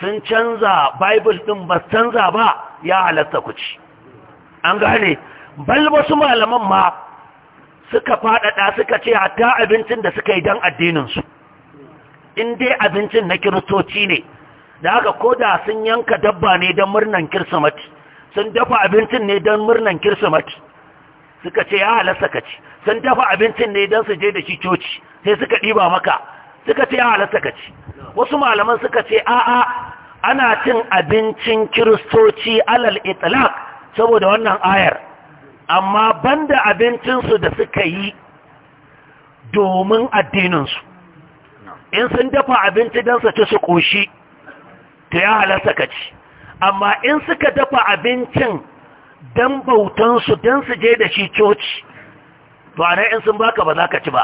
sun canza bible ɗin ba canza ba ya halasta ku ci an gane bal wasu malaman ma suka faɗaɗa suka ce hatta abincin da suka yi don addininsu in dai abincin na kiristoci ne da haka ko da sun yanka dabba ne don murnan kirsimati sun dafa abincin ne don murnan kirsimati suka ce ya halasta ka ci sun dafa abincin ne don su je da shi coci sai suka ɗiba maka suka ce ya halasta ka ci wasu malaman suka ce a'a ana cin abincin kiristoci alal itlaq saboda wannan ayar amma banda abincinsu da suka yi domin addininsu in sun dafa abinci don su ci su ƙoshi to ya halasta ka ci amma in suka dafa abincin don bautansu don su je da shi coci to a in sun baka ba za ka ci ba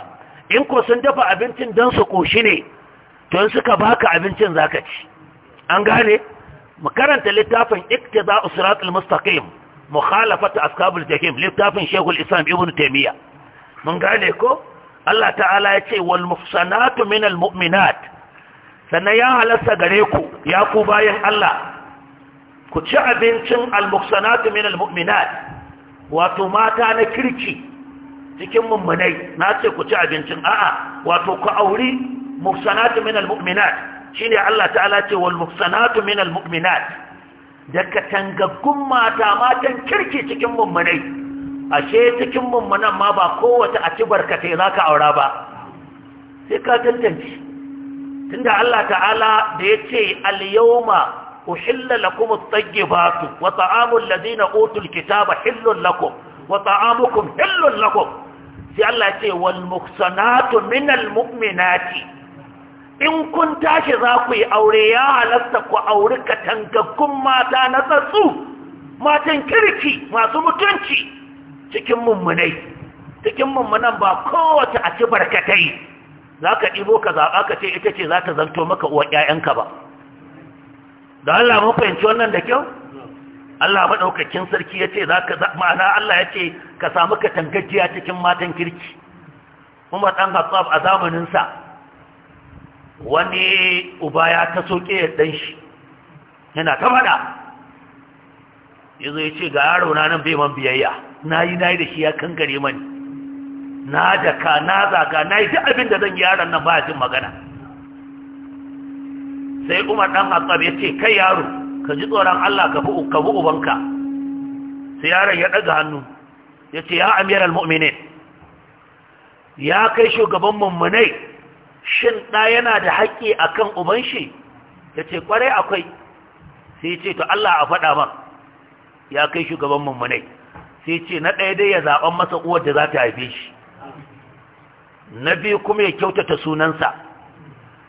in ko sun dafa abincin don su ƙoshi ne to in suka baka abincin za ka ci an gane mu karanta littafin a suratul mustaqim mukhalafat ashabul jahim littafin shekul islam ibn taymiya mun gane ko Allah ta'ala ya ce wal muhsanatu minal mu'minat sannan ya halasta gare ku ya ku bayan Allah ku ci abincin al muhsanatu minal mu'minat wato mata na kirki cikin mummunai na ce ku ci abincin a'a wato ku auri muhsanatu minal mu'minat shine Allah ta'ala ce wal muhsanatu minal mu'minat da katangaggun mata matan kirki cikin mummunai ashe cikin mummunan ma ba kowace a ci barkatai za ka aura ba sai ka tantance tunda Allah ta'ala da ya ce al-yawma uhilla lakum at-tayyibatu wa ta'amu alladhina utul kitaba hillun lakum wa ta'amukum hillun lakum sai Allah ya ce wal muhsanatu minal mu'minati in kun tashi za ku yi aure ya halasta ku auri katangakkun mata na tsatsu matan kirki masu mutunci cikin mummunai cikin mummunan ba kowace a ci barkatai za ka ɗibo ka zaɓa ka ce ita ce za ta zanto maka uwa ‘ya'yanka ba da Allah mun fahimci wannan da kyau Allah maɗaukakin sarki ya ce za ka ma'ana Allah ya ce ka samu katangajiya cikin matan kirki kuma ɗan hatsaf a zamaninsa wani uba ya ta soke ya ɗan shi yana ta faɗa. ya zo ya ce ga yaro na nan bai man biyayya na yi na yi da shi ya kangare mani na daka na zaka na yi duk abin da zan yaron nan ba jin magana sai umar ɗan hatsab ya ce kai yaro ka ji tsoron allah ka bu ubanka sai yaron ya ɗaga hannu ya ce ya amiral mu'minin ya kai shugaban mummunai shin ɗa yana da haƙƙi a kan uban shi ya ce ƙwarai akwai sai ce to Allah a faɗa ma ya kai shugaban mummunai sai ce na ɗaya dai ya zaɓen masa uwar da za ta haife shi na biyu kuma ya kyautata sunansa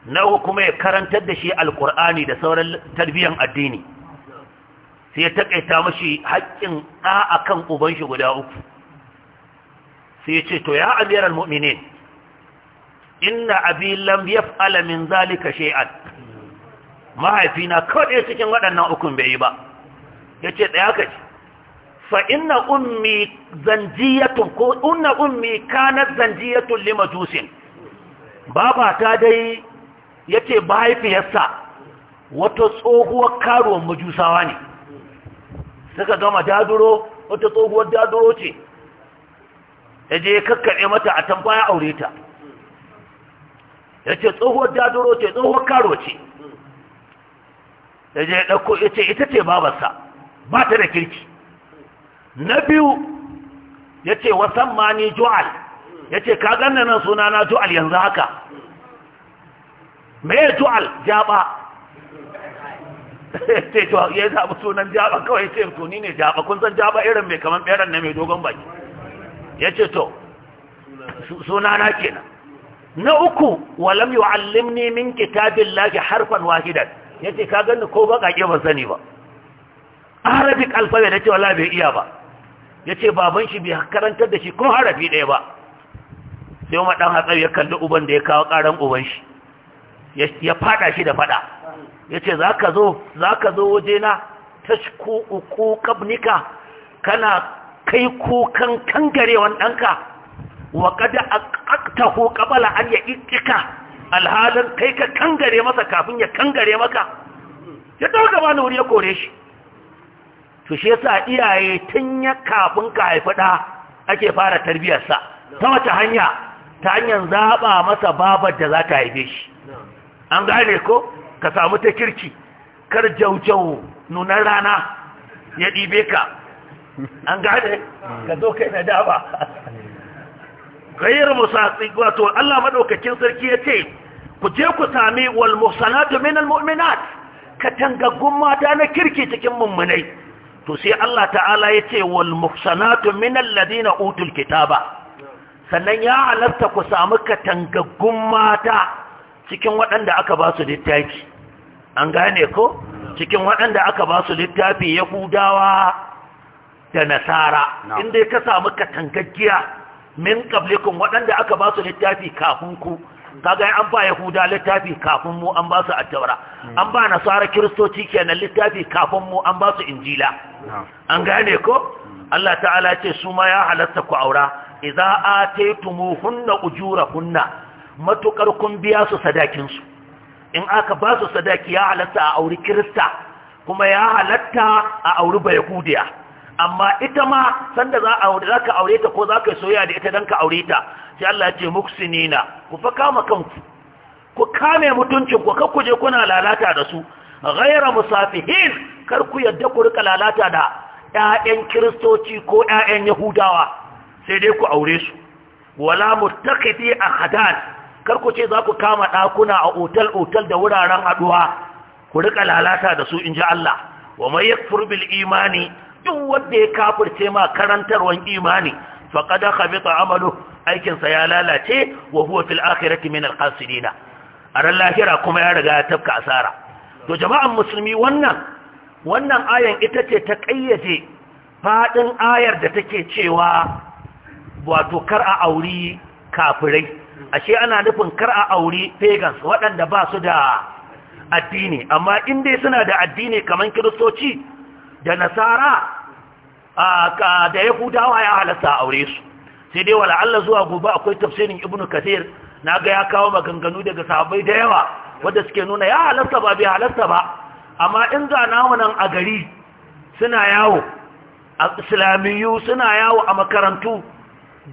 na uku kuma ya karantar da shi alƙur'ani da sauran tarbiyyar addini sai ya taƙaita mashi haƙƙin ɗa akan kan uban shi guda uku sai ce to ya amiral mu'minin inna abi lam yaf'ala min zalika shay'an mahaifina kawai cikin waɗannan ukun bai yi ba yace daya kace fa inna ummi zanjiyatun ko inna ummi kanat zanjiyatun limajusin baba ta dai yace mahaifiyarsa wata tsohuwar karuwar majusawa ne suka gama daduro wata tsohuwar daduro ce Ya je kakkaɓe mata a tambaya aure ta ya ce tsohuwar daduro ce tsohuwar karo ce ya je ɗauko ya ce ita ce babarsa ba ta da kirki na biyu ya ce wasan ma ni ju'al ya ce ka ganna nan suna na ju'al yanzu haka me ju'al jaba ce to ya zaɓi sunan jaba kawai ce to ni ne jaba kun san jaba irin mai kaman ɓeran na mai dogon baki ya ce to sunana kenan na uku walam ne min lafi harfan wahidan Ya ce ka ganni ko ba ke ban sani ba arabic alphabet yace wala bai iya ba Ya ce baban shi bai karantar da shi ko harafi ɗaya ba sai kuma maɗan hatsari ya kalli uban da ya kawo ƙaran uban shi ya faɗa shi da faɗa. Ya ce za ka zo wajena tashku uku kabnika kana kai kukan kangarewan danka wa kada ko qabla an yaqiqa alhalan kai ka kangare masa kafin ya kangare maka ya gaba ba wuri ya kore shi to shi yasa iyaye tun ya kafin ka haifi da ake fara tarbiyarsa ta wata hanya ta hanyar zaba masa babar da za ta haife shi an gane ko ka samu ta kirki kar jaujau nunar rana ya ɗibe ka an gane ka zo kai na daba gairu musatsi wato Allah madaukakin sarki ya ce ku je ku sami wal muhsanatu minal mu'minat katangaggun mata na kirki cikin mummunai to Allah ta'ala ya ce wal muhsanatu minal ladina utul kitaba sannan ya halatta ku samu katangaggun mata cikin waɗanda aka ba su littafi an gane ko cikin waɗanda aka ba su littafi yahudawa da nasara In dai ka sami katangaggiya min kablikun waɗanda aka ba su littafi kafin ku kaga an ba yahuda littafi kafin mu an ba su attaura hmm. an ba nasara kiristoci kenan littafi kafin mu an ba su injila an gane ko hmm. Allah ta'ala ce su ma ya halatta ku aura idza ujura ujurahunna matukar kun biya su sadakin su in aka ba su sadaki ya halatta a auri kirista kuma ya halatta a auri bayahudiya amma ita ma sanda za a aure aure ta ko za ka soya da ita dan ka aure ta sai Allah ya ce muksinina ku fa kama kanku ku kame mutuncin ku je kuna lalata da su ghaira musafihin kar ku yadda ku rika lalata da ƴaƴan kiristoci ko ƴaƴan yahudawa sai dai ku aure su wala mutaqidi ahadan kar ku ce za ku kama ɗakuna a otal otal da wuraren haduwa ku rika lalata da su ji Allah wa may yakfur bil imani duk wanda ya kafirce ma karantarwan imani faqad khabita amalu aikin sa ya lalace wa huwa fil akhirati min al a lahira kuma ya riga ya tafka asara to jama'an musulmi wannan wannan ayan ita ce ta kayyade fadin ayar da take cewa wato kar a auri kafirai ashe ana nufin kar a auri pagans waɗanda ba su da addini amma in dai suna da addini kamar kiristoci da nasara da yahudawa ya halatta a aure su sai dai wala Allah zuwa gobe akwai tafsirin ibnu kathir na ga ya kawo maganganu daga sahabbai da yawa wanda suke nuna ya halatta ba bai halatta ba amma in ga namu nan a gari suna yawo a islamiyu suna yawo a makarantu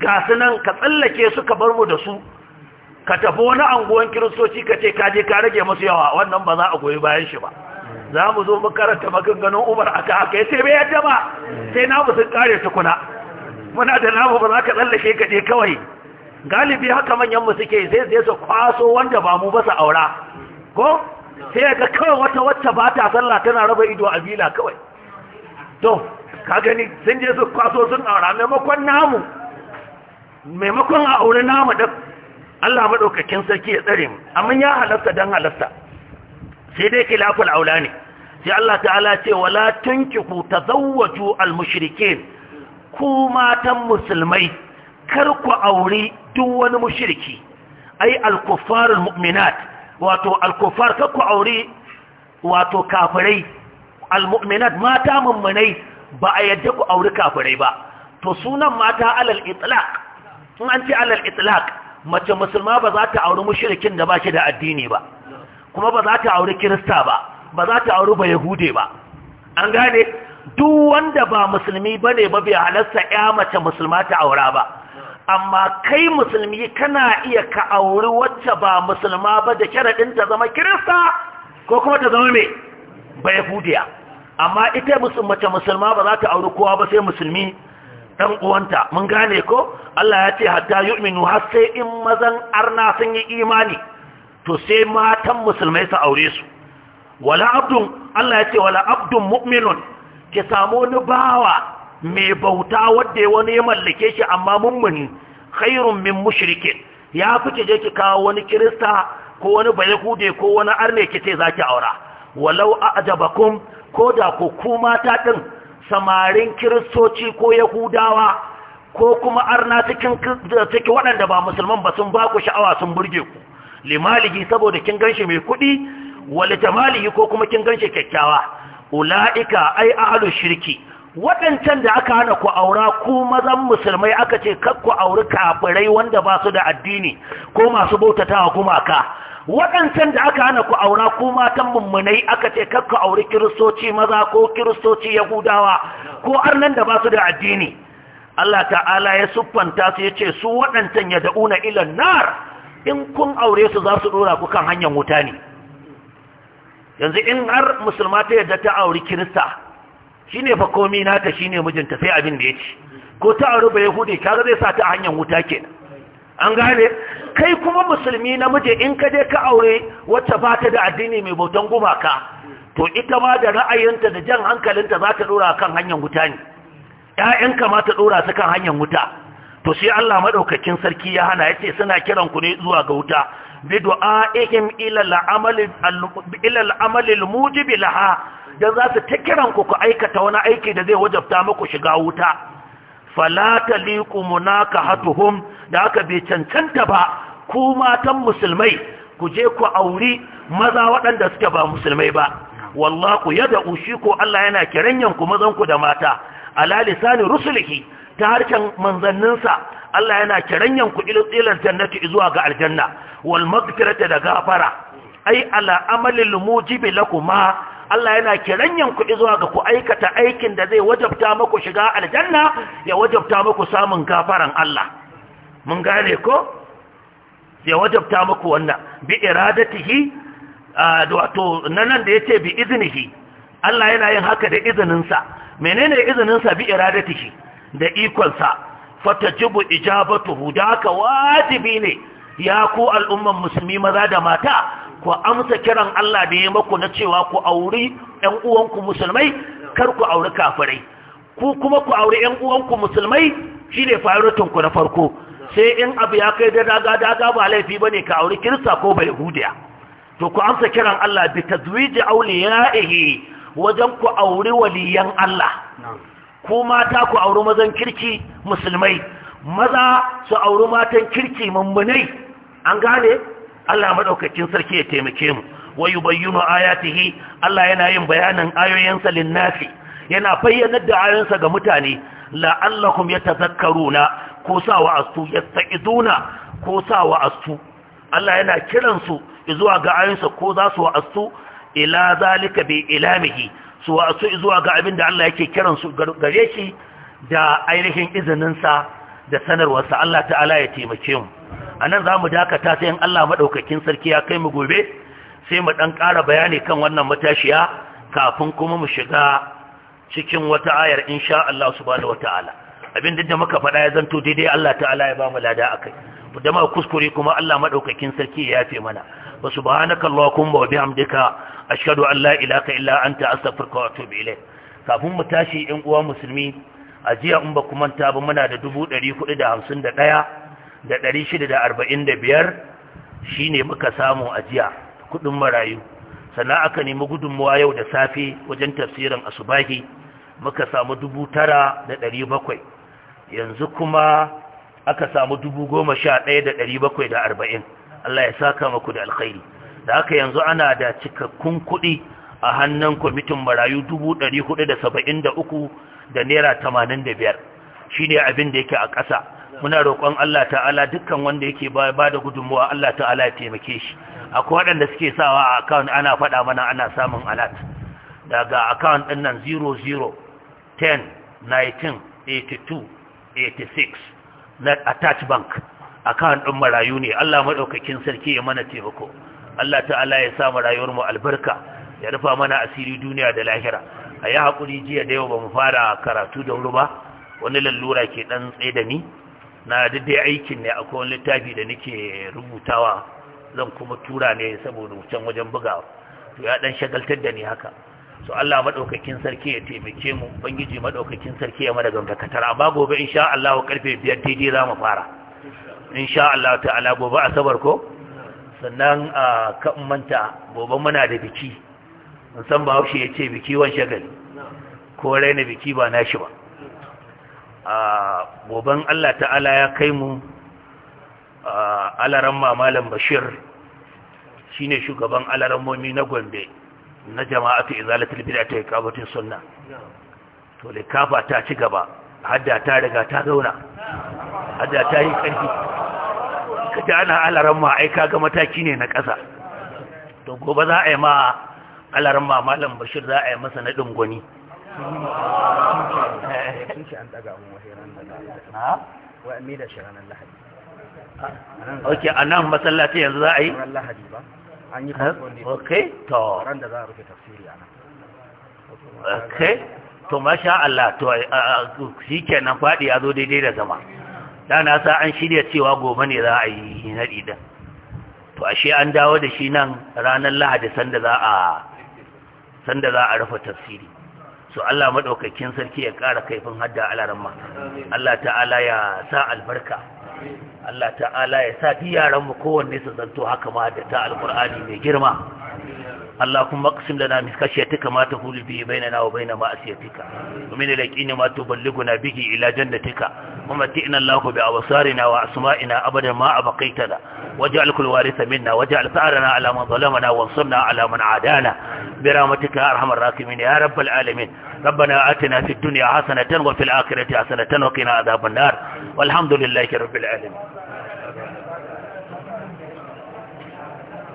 ga su nan ka tsallake su ka bar mu da su ka tafi wani anguwan kiristoci ka ce ka je ka rage musu yawa wannan ba za a goyi bayan shi ba za mu zo makaranta maganganun umar ta haka ya ce bai yadda ba sai namu sun kare tukuna muna da namu ba za ka tsallake ka je kawai galibi haka manyan mu suke sai sai su kwaso wanda ba mu ba su aura ko sai ga kawai wata wacce ba ta sallah tana raba ido a bila kawai to ka gani sun je su kwaso sun aura maimakon namu maimakon a aure namu da Allah madaukakin sarki ya tsare mu amma ya halatta dan halatta sai dai khilaful aula ne sai Allah ta'ala ce wala tunkihu tazawwaju almushrikin ku matan musulmai kar ku auri duk wani mushriki ai alkuffar almu'minat wato alkuffar kar ku auri wato kafirai almu'minat mata mummunai ba a yadda ku auri kafirai ba to sunan mata alal itlaq in an ce alal itlaq mace musulma ba za ta auri mushrikin da ba shi da addini ba kuma ba za ta auri kirista ba ba za ta auri ba yahude ba an gane duk wanda ba musulmi ba ne ba bai halarta ya mace musulma ta aura ba amma kai musulmi kana iya ka auri wacce ba musulma ba da sharaɗin ta zama kirista ko kuma ta zama mai ba yahudiya amma ita mace musulma ba za ta auri kowa ba sai musulmi ɗan uwanta mun gane ko Allah ya ce hatta yu'minu har sai in mazan arna sun yi imani to sai matan musulmai su aure su wala abdun Allah ya ce wala abdun mu'minun ki samu wani bawa mai bauta wanda wani ya mallake shi amma mummuni khairun min mushrikin ya ki je ki kawo wani kirista ko wani bayahude ko wani arne ki ce zaki aura walau a'jabakum ko da ku kuma ta din samarin kiristoci ko yahudawa ko kuma arna cikin cikin waɗanda ba musulman ba sun ba ku sha'awa sun burge ku limalihi saboda kin ganshi mai kuɗi wal jamalihi ko kuma kin ganshi kyakkyawa ulaika ai ahlu shirki waɗancan da aka hana ku aura ku mazan musulmai aka ce kakku auri kafirai wanda ba su da addini ko masu bautatawa gumaka waɗancan da aka hana ku aura ku matan mummunai aka ce kakku auri kiristoci maza ko kiristoci yahudawa ko arnan da ba su da addini Allah ta'ala ya siffanta su ya ce su waɗancan ya da'una ilan nar in kun aure su za su dora ku kan hanyar wuta ne yanzu in har musulma ta yadda ta auri kirista shine fa komi nata shine mijinta sai abin da ya ci ko ta auri ba yahudi kaga zai sa ta hanyar wuta ke. an gane kai kuma musulmi namiji in ka je ka aure wacce ba ta da addini mai bautan gumaka to ita ma da ra'ayinta da jan hankalinta za ta dora kan hanyar wuta ne Ya'yanka ma ta dora su kan hanyar wuta to sai Allah madaukakin sarki ya hana yace suna kiran ku ne zuwa ga wuta bi du'a'ihim ila al-amali ila laha dan za su ta kiran ku ku aikata wani aiki da zai wajabta muku shiga wuta fala taliqu munakahatuhum da aka bai cancanta ba ku matan musulmai ku je ku auri maza waɗanda suke ba musulmai ba wallahu yad'u shi ko Allah yana kiran yanku mazan ku da mata ala lisani rusulihi ta harkan manzanninsa Allah yana kiranyan ku ilal jannati zuwa ga aljanna wal maghfirata da gafara ai ala amalil mujibi lakuma Allah yana kiran ku zuwa ga ku aikata aikin da zai wajabta muku shiga aljanna ya wajabta muku samun gafaran Allah mun gane ko ya wajabta muku wannan bi iradatihi wato nan da yace bi iznihi Allah yana yin haka da izininsa menene izininsa bi iradatihi da ikonsa fatajibu ijabatuhu da haka wajibi ne ya ku al'umman musulmi maza da mata ku amsa kiran Allah da ya maku na cewa ku auri ‘yan uwanku musulmai kar ku auri kafirai ku kuma ku auri ‘yan uwanku musulmai shi ne ku na farko sai in abu ya kai da daga daga ba laifi ba ne ka auri kirista ko bai hudiya to ku amsa kiran Allah bi tazwiji auliya'ihi wajen ku auri waliyan Allah ko mata ku auri mazan kirki musulmai maza su auri matan kirki mummunai an gane Allah madaukakin sarki ya taimake mu wayu bayyinu ayatihi Allah yana yin bayanin ayoyinsa linnafi yana bayyanar da ayoyinsa ga mutane la'allakum yatazakkaruna ko sa astu yasta'iduna ko sa astu Allah yana kiransu zuwa ga ayoyinsa ko za su wa'astu ila zalika bi ilamihi su wasu zuwa ga abin da Allah yake kiran su gare shi da ainihin izininsa da sanarwarsa Allah ta'ala ya taimake mu a nan za mu dakata sai in Allah maɗaukakin sarki ya kai mu gobe sai mu ɗan ƙara bayani kan wannan matashiya kafin kuma mu shiga cikin wata ayar insha Allah subhanahu wa ta'ala abin da muka faɗa ya zanto daidai Allah ta'ala ya ba mu lada kai. da ma kuskure kuma Allah maɗaukakin sarki ya yafe mana wa subhanaka allahumma wa bihamdika ashhadu an la ilaha illa anta astaghfiruka wa atubu ilayk kafin mu tashi ɗan uwa musulmi a jiya in ba kuma ta ba muna da 451 da 645 shine muka samu a jiya kudin marayu sannan aka nemi gudunmuwa yau da safe wajen tafsirin asubahi muka samu dubu tara da ɗari bakwai yanzu kuma aka samu dubu goma sha ɗaya da ɗari bakwai da arba'in Allah ya saka maku da alkhairi da haka yanzu ana da cikakkun kuɗi a hannun kwamitin marayu dubu ɗari hudu da saba'in da uku da naira tamanin da biyar shi ne abin da yake a ƙasa muna roƙon Allah ta'ala dukkan wanda yake ba da gudunmuwa Allah ta'ala ya taimake shi akwai waɗanda suke sawa a akawun ana faɗa mana ana samun alat daga akawun ɗin nan 00 10 19 82 1986 na attach bank kan ɗin marayu ne Allah maɗaukakin sarki ya mana taimako Allah ta'ala ya sa marayuwar mu albarka ya rufa mana asiri duniya da lahira a yi haƙuri jiya da yau ba mu fara karatu da wuri ba wani lallura ke ɗan tsaye da ni na daidai aikin ne akwai wani littafi da nake rubutawa zan kuma tura ne saboda wucen wajen bugawa to ya ɗan shagaltar da ni haka so Allah madaukakin sarki ya taimake mu bangiji madaukakin sarki ya madagan dakatar amma gobe insha Allah karfe biyar daidai zamu fara insha Allah ta'ala gobe asabar ko sannan a kan manta gobe muna da biki musan ba haushe ce biki wan shagali ko raina biki ba nashi ba a goben Allah ta'ala ya kai mu alaran mamalan bashir shine shugaban alaran na Gombe na jama'atu izalatul bid'ati iqamatus sunna to likafa ta ci gaba hadda ta riga ta zauna hadda ta yi karfi kaje ana alaran ma ai kaga mataki ne na ƙasa to gobe za a yi ma alaran ma malam bashir za a yi masa na lahadi ok a nan masallaci yanzu za a yi an yi eh? ok to ran da za a rufe tafsiri ana nan to masha Allah to eh, eh, shi faɗi ya zo daidai da zama da na sa an shirya cewa gobe ne za a yi naɗi din to ashe an dawo da shi nan ranar lahadi sanda za a sanda za a rufe tafsiri so Allah maɗaukakin sarki ya ƙara kaifin hadda ma. Allah ta'ala ya sa albarka Allah ta'ala ya sa yaran mu kowanne su zanto haka ma da ta alqur'ani mai girma Allah kuma kasim da na miskashiya ta kamata huli biyu bai na na wa bai na ma'a siya fika, domin da ƙi ma to balli guna bigi ilajen da kuma ta ina Allah a wasari na wa asuma ina abadan ma a bakai ta da, waje alkulwari ta minna, waje alfa'ar na alaman zalama na wansan na alaman adana, bi ramatuka a rahamar rakimi ne ya rabbal alamin. ربنا آتنا في الدنيا حسنة وفي الآخرة حسنة وقنا عذاب النار والحمد لله رب العالمين